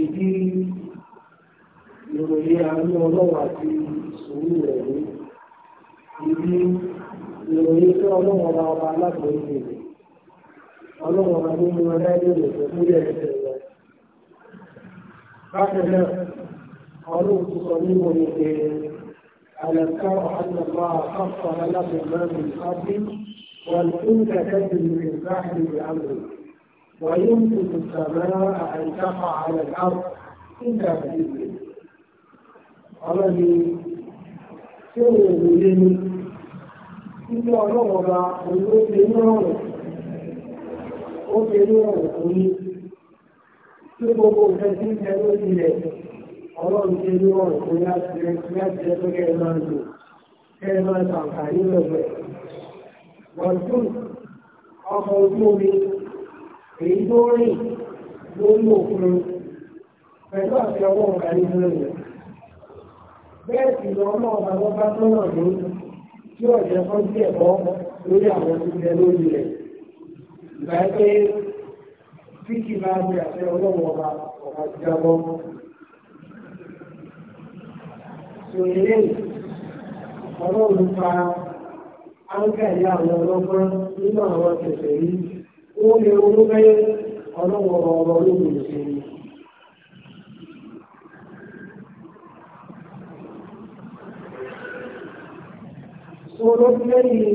ìròyìn àánú ọlọ́wọ́ àti rẹ̀ ní ìròyìn tí ọlọ́wọ́ ọba ọba aláàbòrò rẹ̀ ọlọ́wọ́ mú rẹ̀ rẹ̀ bákan náà ọlọ́wọ́ tó sọ ألم تر أن الله خصص لكم ما من قبل والأنثى تجري من بحر بأمره ويمكن السماء أن تقع على الأرض إلا بإذنه ọlọ́ni tí ó wò lé ní títí ọlọ́wọ́ba olóògbé ní ọ̀rọ̀ ó gbé ní ọ̀rọ̀ fún yí tí gbogbo nǹkan tí ń bẹ lórí ọlọ́run ṣe ní ọ̀rọ̀ fún láti jẹ́ pé kẹ́ máa lò kẹ́ máa tàǹkà nínú ẹ̀ wọ̀tún ọkọ̀ ojú omi èyí tó rìn lórí òkun pẹ̀lú àti ọwọ́ ọ̀gá nínú rẹ̀ bẹ́ẹ̀ sì lọ ọmọ ọba tó bá tó hàn ní tí ọ̀jẹ̀ kan sí ẹ̀kọ́ lórí àwọn tó jẹ lórí rẹ̀ ìgbà pé bí kì bá bẹ àti ọlọ́run ọba ọba ti jábọ́ lòlẹ́ ọrụ pa áńkẹ̀lẹ́ àwọn ọlọ́gbọ́n nínú àwọn tẹ̀sẹ̀ yìí ó lè ronú bẹ́ẹ̀ ọlọ́wọ́ ọ̀rọ̀ ológun ìṣèlú. Sọ́dọ̀ lẹ́yìn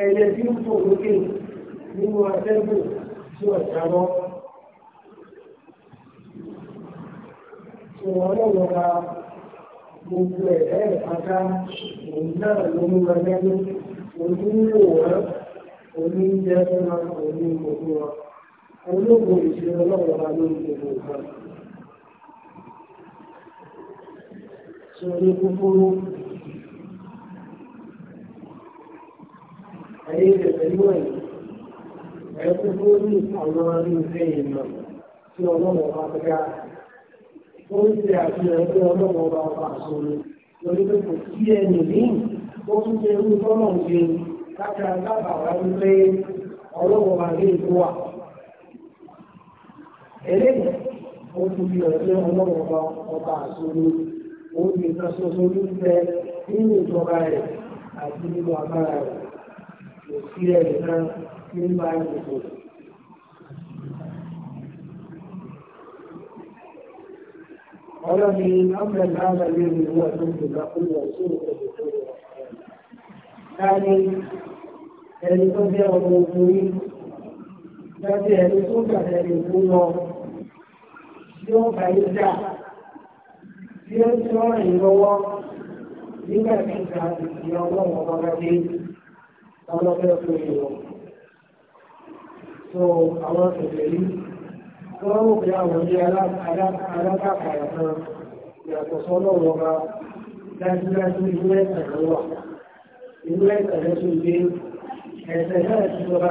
ẹyẹ tí ń fò lókè nínú atẹ́gùn tí ọ̀sà lọ. Ìwọ̀n náà wọ́n ra gbogbo ẹ̀dá ìpátá òun náà ló ń lọ lẹ́nu onílò wọn oníjẹ fún wa òní gbogbo wa olóògùn ìṣẹ́ ọlọ́run wa lórí gbogbo nǹkan. Sọ̀rọ̀ kúkúrú. ayé pẹ̀lú ẹ̀yìn ẹ̀kú tó ní àwọn irúfẹ́ ìmọ̀ tí ọlọ́wọ́ bá gbá ó ń ṣe àfihàn pé ọlọ́wọ́ bá wà sórí lórí pé kò sí ẹni míì ó tún ṣe irú tọ́nà ṣe láti alábàá wá wípé ọlọ́wọ́ bá lè tó wà. eléyìí ó tún fi hàn pé bá ọba àsórí ó ti ìtàn ṣoṣo ló ń bẹ nínú ìjọba rẹ̀ àti nínú agbára rẹ̀ ilé nìkan ní máa ọlọ́ni ọmọdé náà lè rí ìwọ tó ń dìbò fún ìwọ sí ìwọ tó ń dìbò. Táni ẹni tó jẹ́ ọmọ ogun yìí, lọ́sẹ̀ ẹni tó gbàgbé ẹni tó lọ, yóò bá yín dà, yóò tún ọ̀rìn lọ́wọ́ nígbà tí ìgbà ìgbìyànjú ọlọ́run ọmọdé àwọn ọ̀fẹ́ fún ìlọ. So àwọn ọ̀fẹ́ yìí, wọ́n mú pé àwọn ilé alákàkàrà kan yàtọ̀ sọ́lọ́ wọra dájúdájú ilé ẹ̀sẹ̀ wà. Ilé ẹ̀sẹ̀ tó gbé ẹ̀sẹ̀ náà ti jọba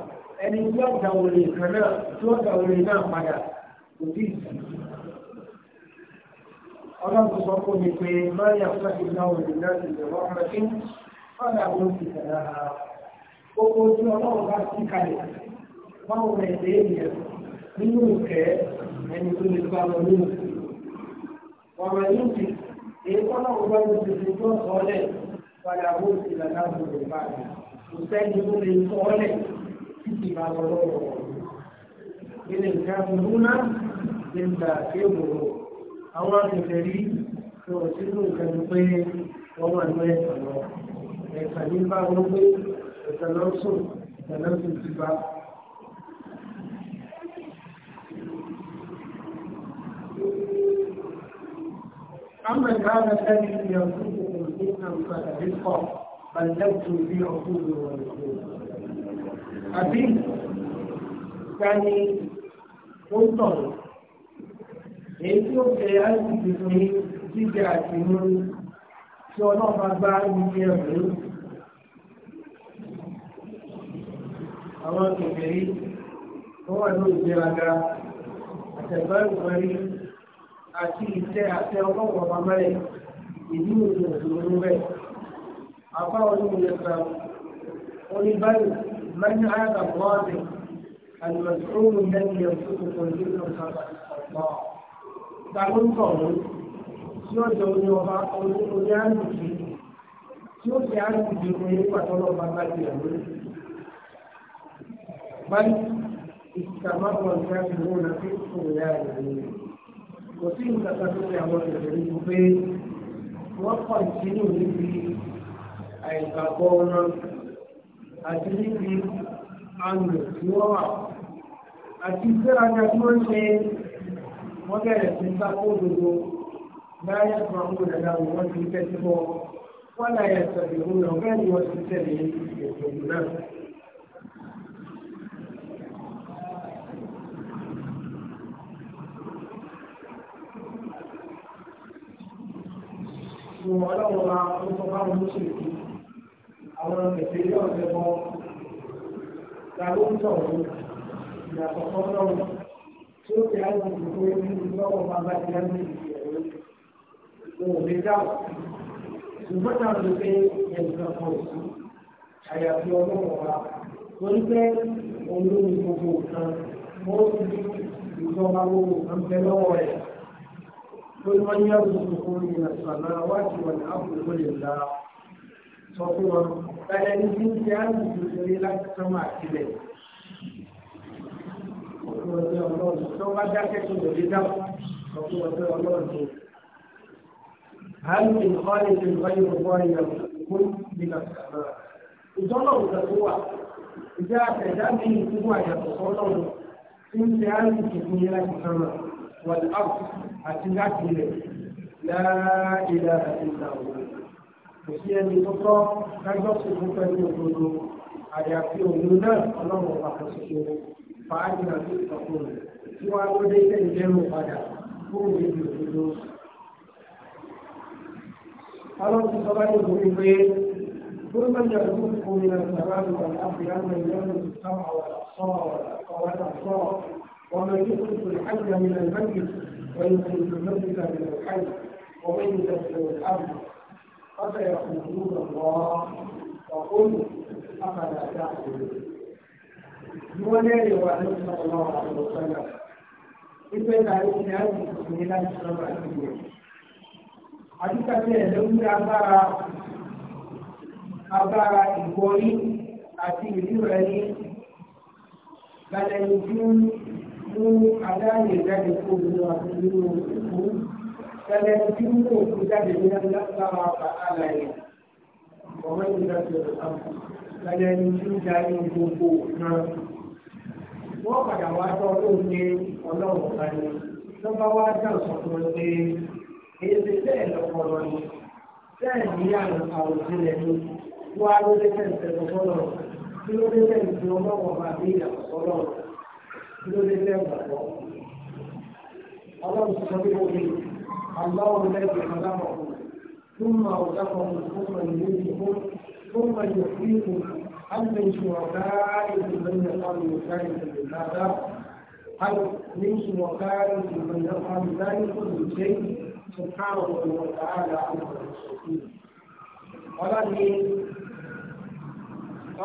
ẹni tí ó da òrè kan náà tí ó da òrè náà padà kò tí ì sí. ọlọ́run sọ fún mi pé máyà fún ìlà òrè náà ti bẹ̀rẹ̀ wọ́n rẹ̀ kí fọ́nà ló ti tẹ̀lé ara gbogbo tí ọlọ́run bá sí kalẹ̀ báwo rẹ̀ dé ènìyàn nínú ìkẹ́ ẹni tó lè gbà lọ nínú ọ̀rọ̀ yìí ti èyí kọ́nà ọ̀gbọ́n ló ti fi tó sọ́ọ́lẹ̀ padà bó ti lànà títí bá lọ lọ́wọ́ ilé ìjáfúnúná lè gbà tí ó gbòòrò àwọn àtẹ̀tẹ̀ rí tó o sí ló nǹkan pé wọ́n wà ní ẹ̀sán lọ ẹ̀sán ní bá wọn gbé ẹ̀sán lọ sùn ẹ̀sán lọ sùn ti bá. أما هذا الذي يرزقكم إنهم فلا رزقا بل لبثوا في عقول ونفور àbí ìkànnì tó ń tọ̀ èyí tí ó fẹ́ àìsíkì fún jíjẹ àti mú tí ọlọ́ọ̀bá gbá ibi ẹ̀rọ àwọn kèfèrí tó wà ní ìgbéraga àtẹ̀gbá ìwọ̀rí àti ìtẹ́ àti ọlọ́wọ̀ bàbáyé ìlú òṣèlú rẹ̀ àbáwọn olùyẹ̀ta oníbáyìí من هذا الرازق المسؤول الذي يرزقك الرزق الله dàgbọ́n sọ̀rọ̀ tí ó jẹ oní ọba oní àlùkí tí ó fi àlùkí fún yín pàtó lọ́ba bá ti rẹ̀ lórí. báyìí ìsìkàmá kan ní àbúrò náà fi fún ìyá rẹ̀ lórí. kò sí nǹkan tó fi àwọn ìrẹ̀lẹ̀ yìí pé wọ́n kàn sínú níbi àìgbàgbọ́ náà àti níbi àmì tí wọ́n wà àti ìgbéraga tí wọ́n ṣe wọ́n bẹ̀rẹ̀ sí ń sáfó òdodo láyé àwọn àwọn ìdàgbà wọn ti tẹ́tí bọ́ wọ́n láyé ẹ̀sẹ̀ ìgbóhùn ọ̀gá ni wọ́n ti tẹ̀lé òṣèlú náà. ìwọ̀n ọlọ́wọ́ wa ó sọ fáwọn mùsùlùmí àwọn kẹ̀kẹ́ yóò fẹ́ bọ́ ta sọ̀rọ̀ ìyàtọ̀ fọ́nrán tí ó fi àwọn ìdìbò nínú lọ́wọ́ máa ti lẹ́nu ìdìbò òun lè dáwọ̀ ṣùgbọ́n náà ló pé ẹ̀sùn ọkọ̀ òsì àyàfi ọlọ́wọ́ wa torí pé òun ló gbogbo nǹkan ó ti ní ọdún sọ fún wọn bẹ́ẹ̀ ní bí ń jẹ́ àrùn ìṣòro láti sọ́mọ àtìlẹ̀. ọ̀pọ̀ ọ̀dọ́ ọlọ́run tó bá dákẹ́ tó lè dé dáhùn ọ̀pọ̀ ọ̀dọ́ ọlọ́run tó. هل من خالق غير الله يقول من السماء ìjọ́nà òṣèlú wà ìjẹ́ àtẹ̀dá ní ìdúgbò àyàtọ̀ sọ́lọ́run tí ń ṣe àrùn ìṣègùn yẹn láti sánmà wà láàbù àti láti ilẹ̀ láàá ilẹ̀ àti ìlà òun. kò sí ẹni tó tọ́ lájọ́sìn fún pẹ̀lú òdodo àyàfi òun náà ọlọ́run pàtó ṣoṣo fàájì àti ìtọ́kùnrin tí wàá ló dé ilé ìlérò padà fún ìlú òdodo. ọlọ́run ti sọ báyìí lórí pé ظلما يرزقكم من السماء والارض لما يملك السمع والابصار والابصار ومن يخلق الحي من الميت ويخلق الميت من الحي ومن يدبر الامر فسيقولون الله وقل أفلا تعقلون وليه وأنه صلى الله عليه وسلم إذا تعلمون أن من الله سبحانه وتعالى àdúgbò bẹ́ẹ̀ ló ń gbé agbára agbára ìgbọ́rí àti ìrírẹ́ ní lálẹ́ ojú mú adáyé jáde kó o lọ àti nínú ìlú lẹ́lẹ́ tí ń kó òkú jáde ní lára ọ̀gá àlàyé ọ̀rọ̀ ìgbà tó rẹ̀ kàn lẹ́lẹ́ tí ń darí gbogbo náà. wọ́n padà wá tọ́ lóun ní ọlọ́run ọ̀gá ni wọ́n bá wá dá ìsọ̀tún pé èdè bẹ́ẹ̀ lọ́pọ̀lọ́ ni bẹ́ẹ̀ ní àwọn àwòjìnlẹ̀ ni wọ́n á ló dé fẹ́ǹsẹ̀ lọ́pọ̀lọ́ kí ló dé fẹ́ǹsẹ̀ ọlọ́run ọba ní ìyàtọ̀ sọ́lọ́run kí ló dé fẹ́ǹsẹ̀ ọ̀pọ̀ الله الذي خلقكم ثم أوتكم ثم يميتكم ثم يحييكم هل من شركائكم من يفعل ذلك بهذا هل من شركائكم من يفعل ذلك بشيء سبحانه وتعالى عما يشركون ولكن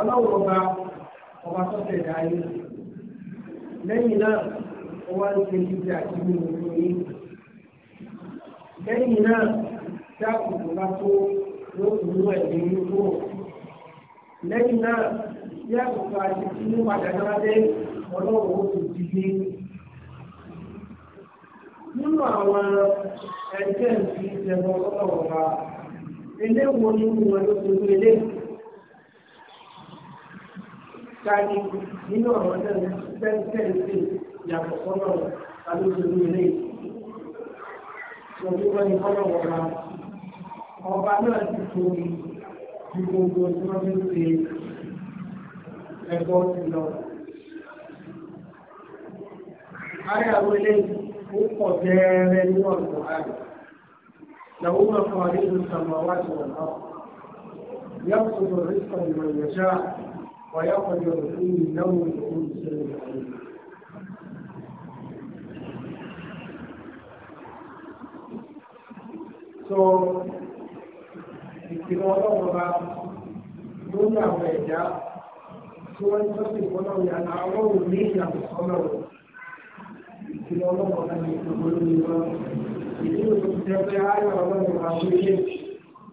ọlọ́run ọba ọba tó tẹ̀lé ayé lẹ́yìn náà wọ́n ń ṣe jíjẹ àti mímu ní lẹ́yìn náà dáàbò tó bá tó yóò kú mú ẹ̀mí ní kúrò lẹ́yìn náà bí àgùntàn àti inú padà náà dé ọlọ́run ó ti dìde nínú àwọn ẹgbẹ́ ìjẹ̀bọ ọlọ́run ọba ilé wo nínú wọn ló ti wí ilé tani nínú òdúgbò ní fọlọ́wọ́ ra ọba náà ti tóbi ju gbogbo tí wọ́n fi ń ṣe ẹ̀kọ́ sí lọ. Ayé àwọn eléyìí ó pọ̀ jẹ́ẹ́rẹ́ ní ọ̀sán àná. لهم مقاليد السماوات والأرض يقصد الرزق لمن يشاء ويقدر فيه له بكل سر عليم so ìpinnu ọlọ́run bá lórí àwọn ẹ̀dá tí wọ́n ń tọ́sí ìfọ́nàwé àwọn òní ìyàwó sọ́nàwó ìpinnu ọlọ́run bá ní ìpinnu lórí wọn ìdí òkú jẹ́ pé ayọ̀ ọlọ́run bá wí lé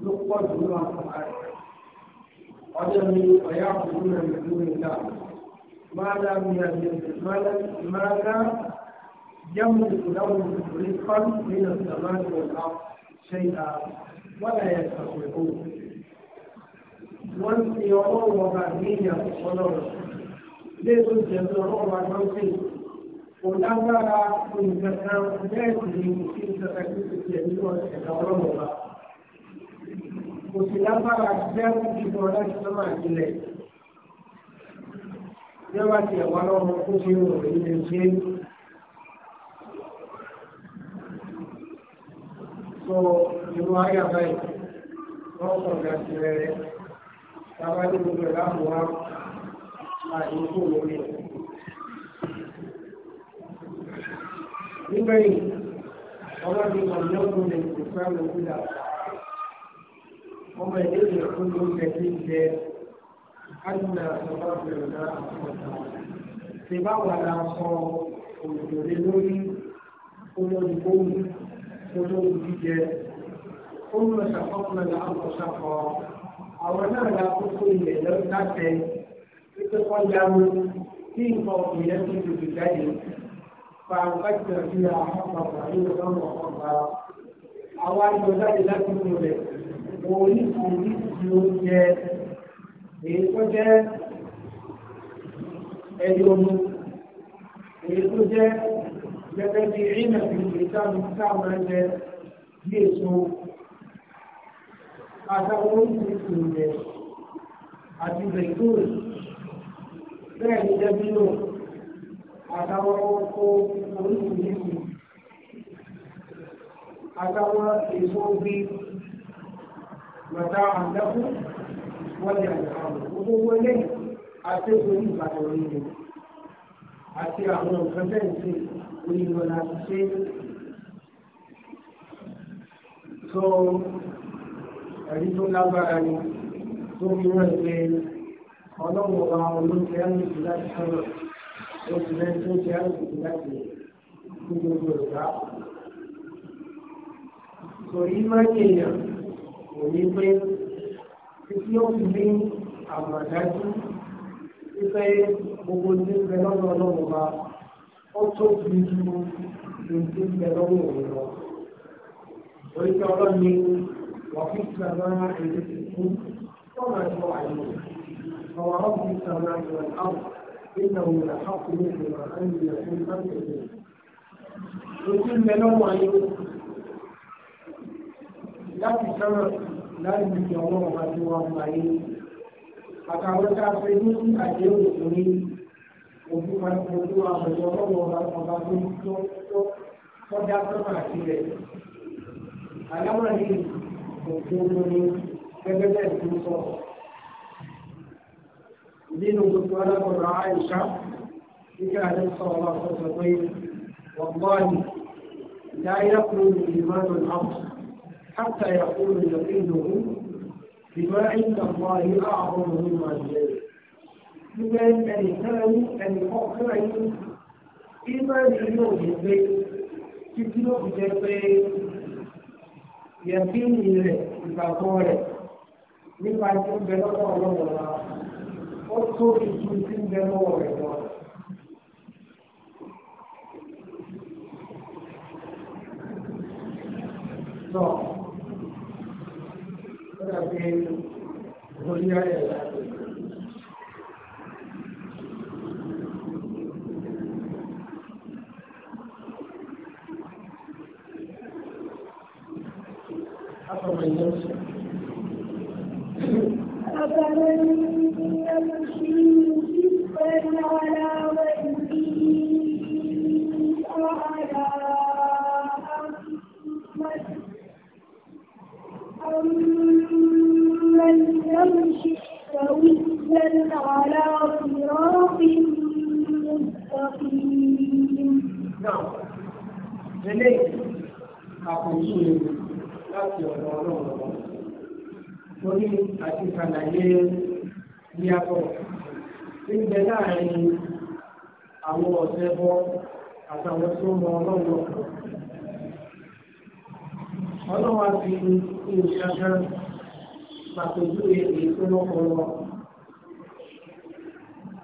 ló pọ̀ jù lọ àwọn àrẹ ọjọ́ mi ọ̀yá àkókò rẹ̀ lórí ìlà máa dá mi àjẹ́ máa dá yẹ́mu ìdáhùn ìfòrí fún mi nà sàmáàlì ṣẹ́yà wọ́lá yẹn kàwé o. Wọ́n ti ọlọ́run ọba níyà ọlọ́run. Ilé tó jẹ́ ọlọ́run ọba ń pè. Kò lágbára olùkẹ́kẹ́ bẹ́ẹ̀ sì ni kí n kẹ́kẹ́ tó ti nínú ẹ̀ka ọlọ́run ọba. Kò sì lágbára bẹ́ẹ̀ kí n ọlá ti sọ́mà ìjìnlẹ̀. Bí ti ẹ̀wá lọ́run ó ṣe ń rò ní ẹ̀ṣẹ́ so inú ayé àbáyé wọ́n sọ̀rọ̀ àti rẹ̀ tábà ní gbogbo ẹ̀ láàmú wa àìyókù lórí ẹ̀. nígbẹ̀yìn ọlọ́run ọ̀nà ọ̀gbọ̀n lè kó fẹ́ lọ sí ìdá ọmọ ìdí ìrìn àkókò ló ń bẹ sí ìjẹ ádùnnà àtọ̀bá bẹ̀rẹ̀ náà àtọ̀bá ṣe báwa la sọ òdòdó lórí olórí kóòlù kótó jíjẹ ó ń lọ ṣàkọ́kùnrin náà kò ṣàkọ́ àwọn náà la kókó ilẹ̀ lọ dáfẹ́ pípẹ́ kọ́ yáwó tí nǹkan ọ̀gbìn yẹn tó tètè jáde fa bájúmọ̀ sí àkọ́kọ́ nínú lọ́nà ọ̀gbà àwa ìjọ jáde láti mú rẹ̀ wọ́n ní kò ní èyí tó jẹ́ ẹ̀yọ́ mu èyí tó jẹ́ gẹ́gẹ́ bí ìrìnà bí ìtàlù táwọn ẹgbẹ́ bí èso àtàwọn oríṣiríṣi ìrẹ̀ àti bẹ̀tùrù bẹ́ẹ̀ ni dẹ́bílò àtàwọn ọkọ̀ oríṣiríṣi àtàwọn èso bí bàtà àǹdẹ́kù wọ́n di àjàkálù gbogbo wọlé àti èso ìbàdàn orílẹ̀ àti àwọn nǹkan bẹ́ẹ̀ ṣe onímọ̀ láti ṣe. sọ ẹ̀rí tó lágbára ni tó fi wọ́n ṣe ọlọ́wọ́ ọba olóṣèlú àmì láti sọ̀rọ̀ oṣù lẹ́yìn tó ṣe àmì láti fún gbogbo ìgbà. sọ yìí máa ń yẹ̀yàn òní pé títí ó fi ní àmọ̀dájú wípé gbogbo ní ìgbẹ́ lọ́wọ́ ọlọ́run bá ó tó bí ju ìdí ìgbẹ́ lọ́wọ́ òun lọ. Orí pé ọlọ́run ni wọ́n fi ti àná èdè ìkú wọ́n máa sọ àyè. Ọ̀wà ọ̀gbìn ìsàmì àjọ àwọ̀ nínú àwọn ìlàkàkùn ìgbìmọ̀ àyè ìyẹ̀fún láǹkẹ̀dẹ̀. Ojú ìgbẹ́ lọ́wọ́ ayé láti sọ́nà láì bí ọwọ́ ọba tí wọ́n máa yé. àtàwọn tá a fẹ́ ní àdéhùn òní ojú kan ojú àbẹ̀wò ọlọ́wọ́ ọba tó tó tó kọjá sọ́nà àti rẹ̀. Àlámà ní òkú omi gẹ́gẹ́ bẹ́ẹ̀ tó sọ. Nínú gbogbo alákọ̀ọ́rọ̀ àìsá, ìjà àti sọ̀rọ̀ máa sọ̀tọ̀ pé wàgbọ́ọ̀nì láyé kúrò ní ìmọ̀ àti حتى يقول يقينه بما عند الله أعظم مما إليه إذا الإنسان أن يفكر إما يلوه البيت تتلوه البيت يقين إليه ìgbàgbọ́ rẹ̀ nípa tí ó bẹ lọ́wọ́ ọlọ́wọ́ la ó tó ìtú tí ń bẹ lọ́wọ́ rẹ̀ lọ. Sọ. So, lórí ayẹyẹ àti ìkàlàyé yíyàtọ̀ tí ń bẹ láàrin àwọn ọ̀sẹ̀ bọ́ àtàwọn tó mọ ọlọ́wọ́. ọlọ́wọ́ ti ń ṣàṣà pàtòjúwe èyí tó lọ́pọ̀lọ́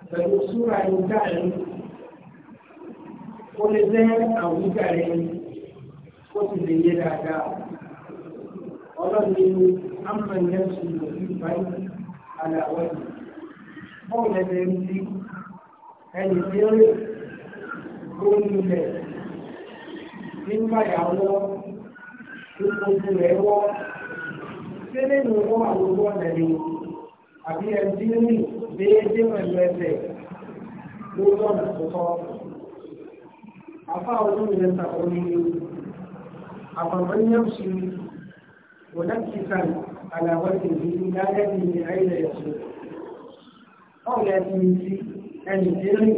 pẹ̀lú súra ìdáàrí ó lè jẹ́ àwùjáre ó sì lè yé dáadáa ọlọ́run ni amọ̀ ìyẹn sùn lò. البيت على وجهه قول يمشي ẹni tí ó rè lórí ilẹ̀ nígbà ìyàwó tí gbogbo rẹ̀ wọ́ ṣé lẹ́nu wọ́n àwòrán ọ̀nà ni àbí ẹni tí ó rè déédéé pẹ̀lú ẹsẹ̀ lórí ọ̀nà tuntun afa àwọn olùyẹn ta orí على وجهه لا يدري من أين يصير أو يأتي في أن يدري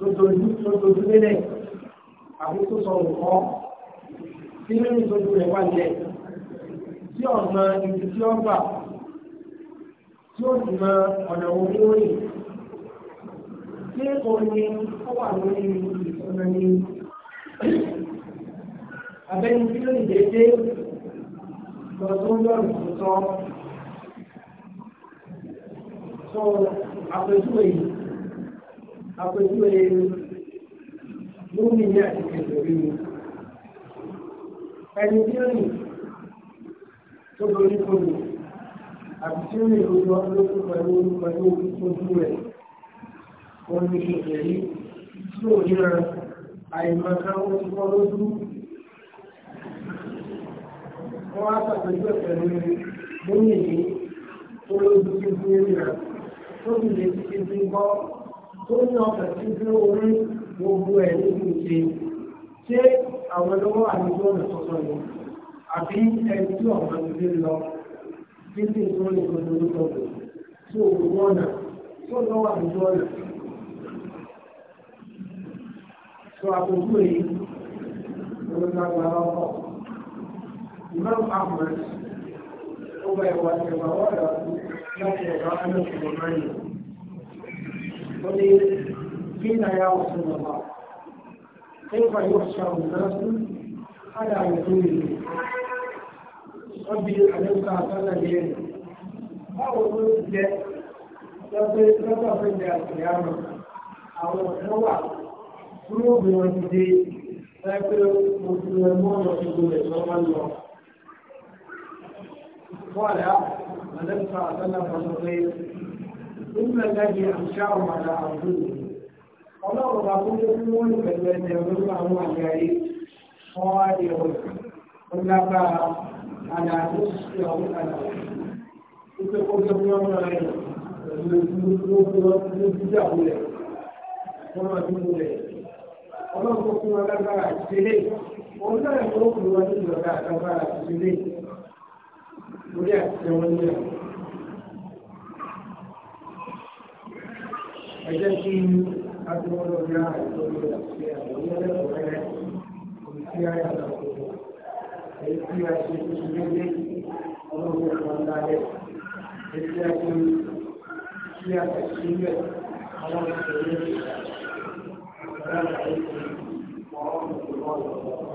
tuntun lélẹ̀ àbí tó sọ nǹkan tí nínú ìtọ́jú rẹ̀ wà lẹ̀ tí ọ̀nà ibi tí ó gbà tí ó sì mọ ọ̀nà owó rìn tí omi ó wà lórí ìsọ̀nà ni abẹ́ni tí ó lè déédéé lọ tó lọ́rùn tó tọ́ sọ àpèjúwe àpèjúwe lómi ní àti kẹsìrì ni ẹni tí ó rìn tó lórí kodò àti tí ó rìn lójú ọlọ́pọ̀ pẹ̀lú pẹ̀lú ojú rẹ̀ òun ni kẹsìrì tí ò yẹra àìmọ̀ká ó ti kọ́ lójú wọ́n á ṣàpèjú pẹ̀lú lóyìn ní tó tí ń rí rẹ̀ tó sì lè ti fi gbọ́ tó ní ọkọ̀ tí ń dúró orí gbogbo ẹ̀ nínú ìṣe ṣé àwọn lọ́wọ́ àdúgbò ọ̀nà tuntun ni àbí ẹni tí ọ̀nà ti lọ títí tó lè gbogbo orúkọ bò tí òkú ọ̀nà tó lọ́wọ́ àdúgbò ọ̀nà. Sọ àkókò yìí, òun náà gba ọkọ̀. Imam Ahmad ó gba ìwà ìwà wọ́dà láti ọ̀gá Ahmed Sulaimani. Ó ní bí náírà wà sí bàbá. Kéèkà yóò ṣe àwọn ìdánsú, á dà àwọn ìlú ìlú. Wọ́n bí àlẹ́kà àtàlà yẹn. Báwo ló jẹ́ lọ́pẹ́ lọ́pẹ́ fẹ́ jẹ́ àtìyámọ̀? Àwọn ọ̀dọ́ wà fún òbí wọn ti dé ẹgbẹ́ òṣèlú ẹ̀mọ́ ọ̀dọ́ tó tó máa ń lọ. قال النبي صلى الله عليه وسلم وسلم ثم الذي أنشأهم على أرضهم ọlọ́run bá kó lókún wọn pẹ̀lú ẹni ọdún àwọn àmì ayé wọn wá di ọ̀rọ̀ ọlágbára àlàáfó sí ọ̀hún àlàáfó wípé kó lókún wọn náà rẹ̀ pẹ̀lú ojú lójú ìyàwó rẹ̀ wọn náà dúró rẹ̀ ọlọ́run tó kún wọn lágbára ìṣẹ̀lẹ̀ òun náà ló kún wọn nígbà lágbára ìṣẹ̀lẹ̀ lórí àtijọ́ wọn ní àwọn. ẹ kí adúmọ́lọ́ bí a àìsàn lórí àti àwọn ẹlẹ́kọ̀ọ́ kò sí àyà àtàkùn èyí tí a ṣe tó ṣe déédéé ọlọ́run ẹ̀kọ́ ńlá rẹ̀ èyí tí a ṣe tí a ṣe sílẹ̀ àwọn ìṣòro rẹ̀. Thank you.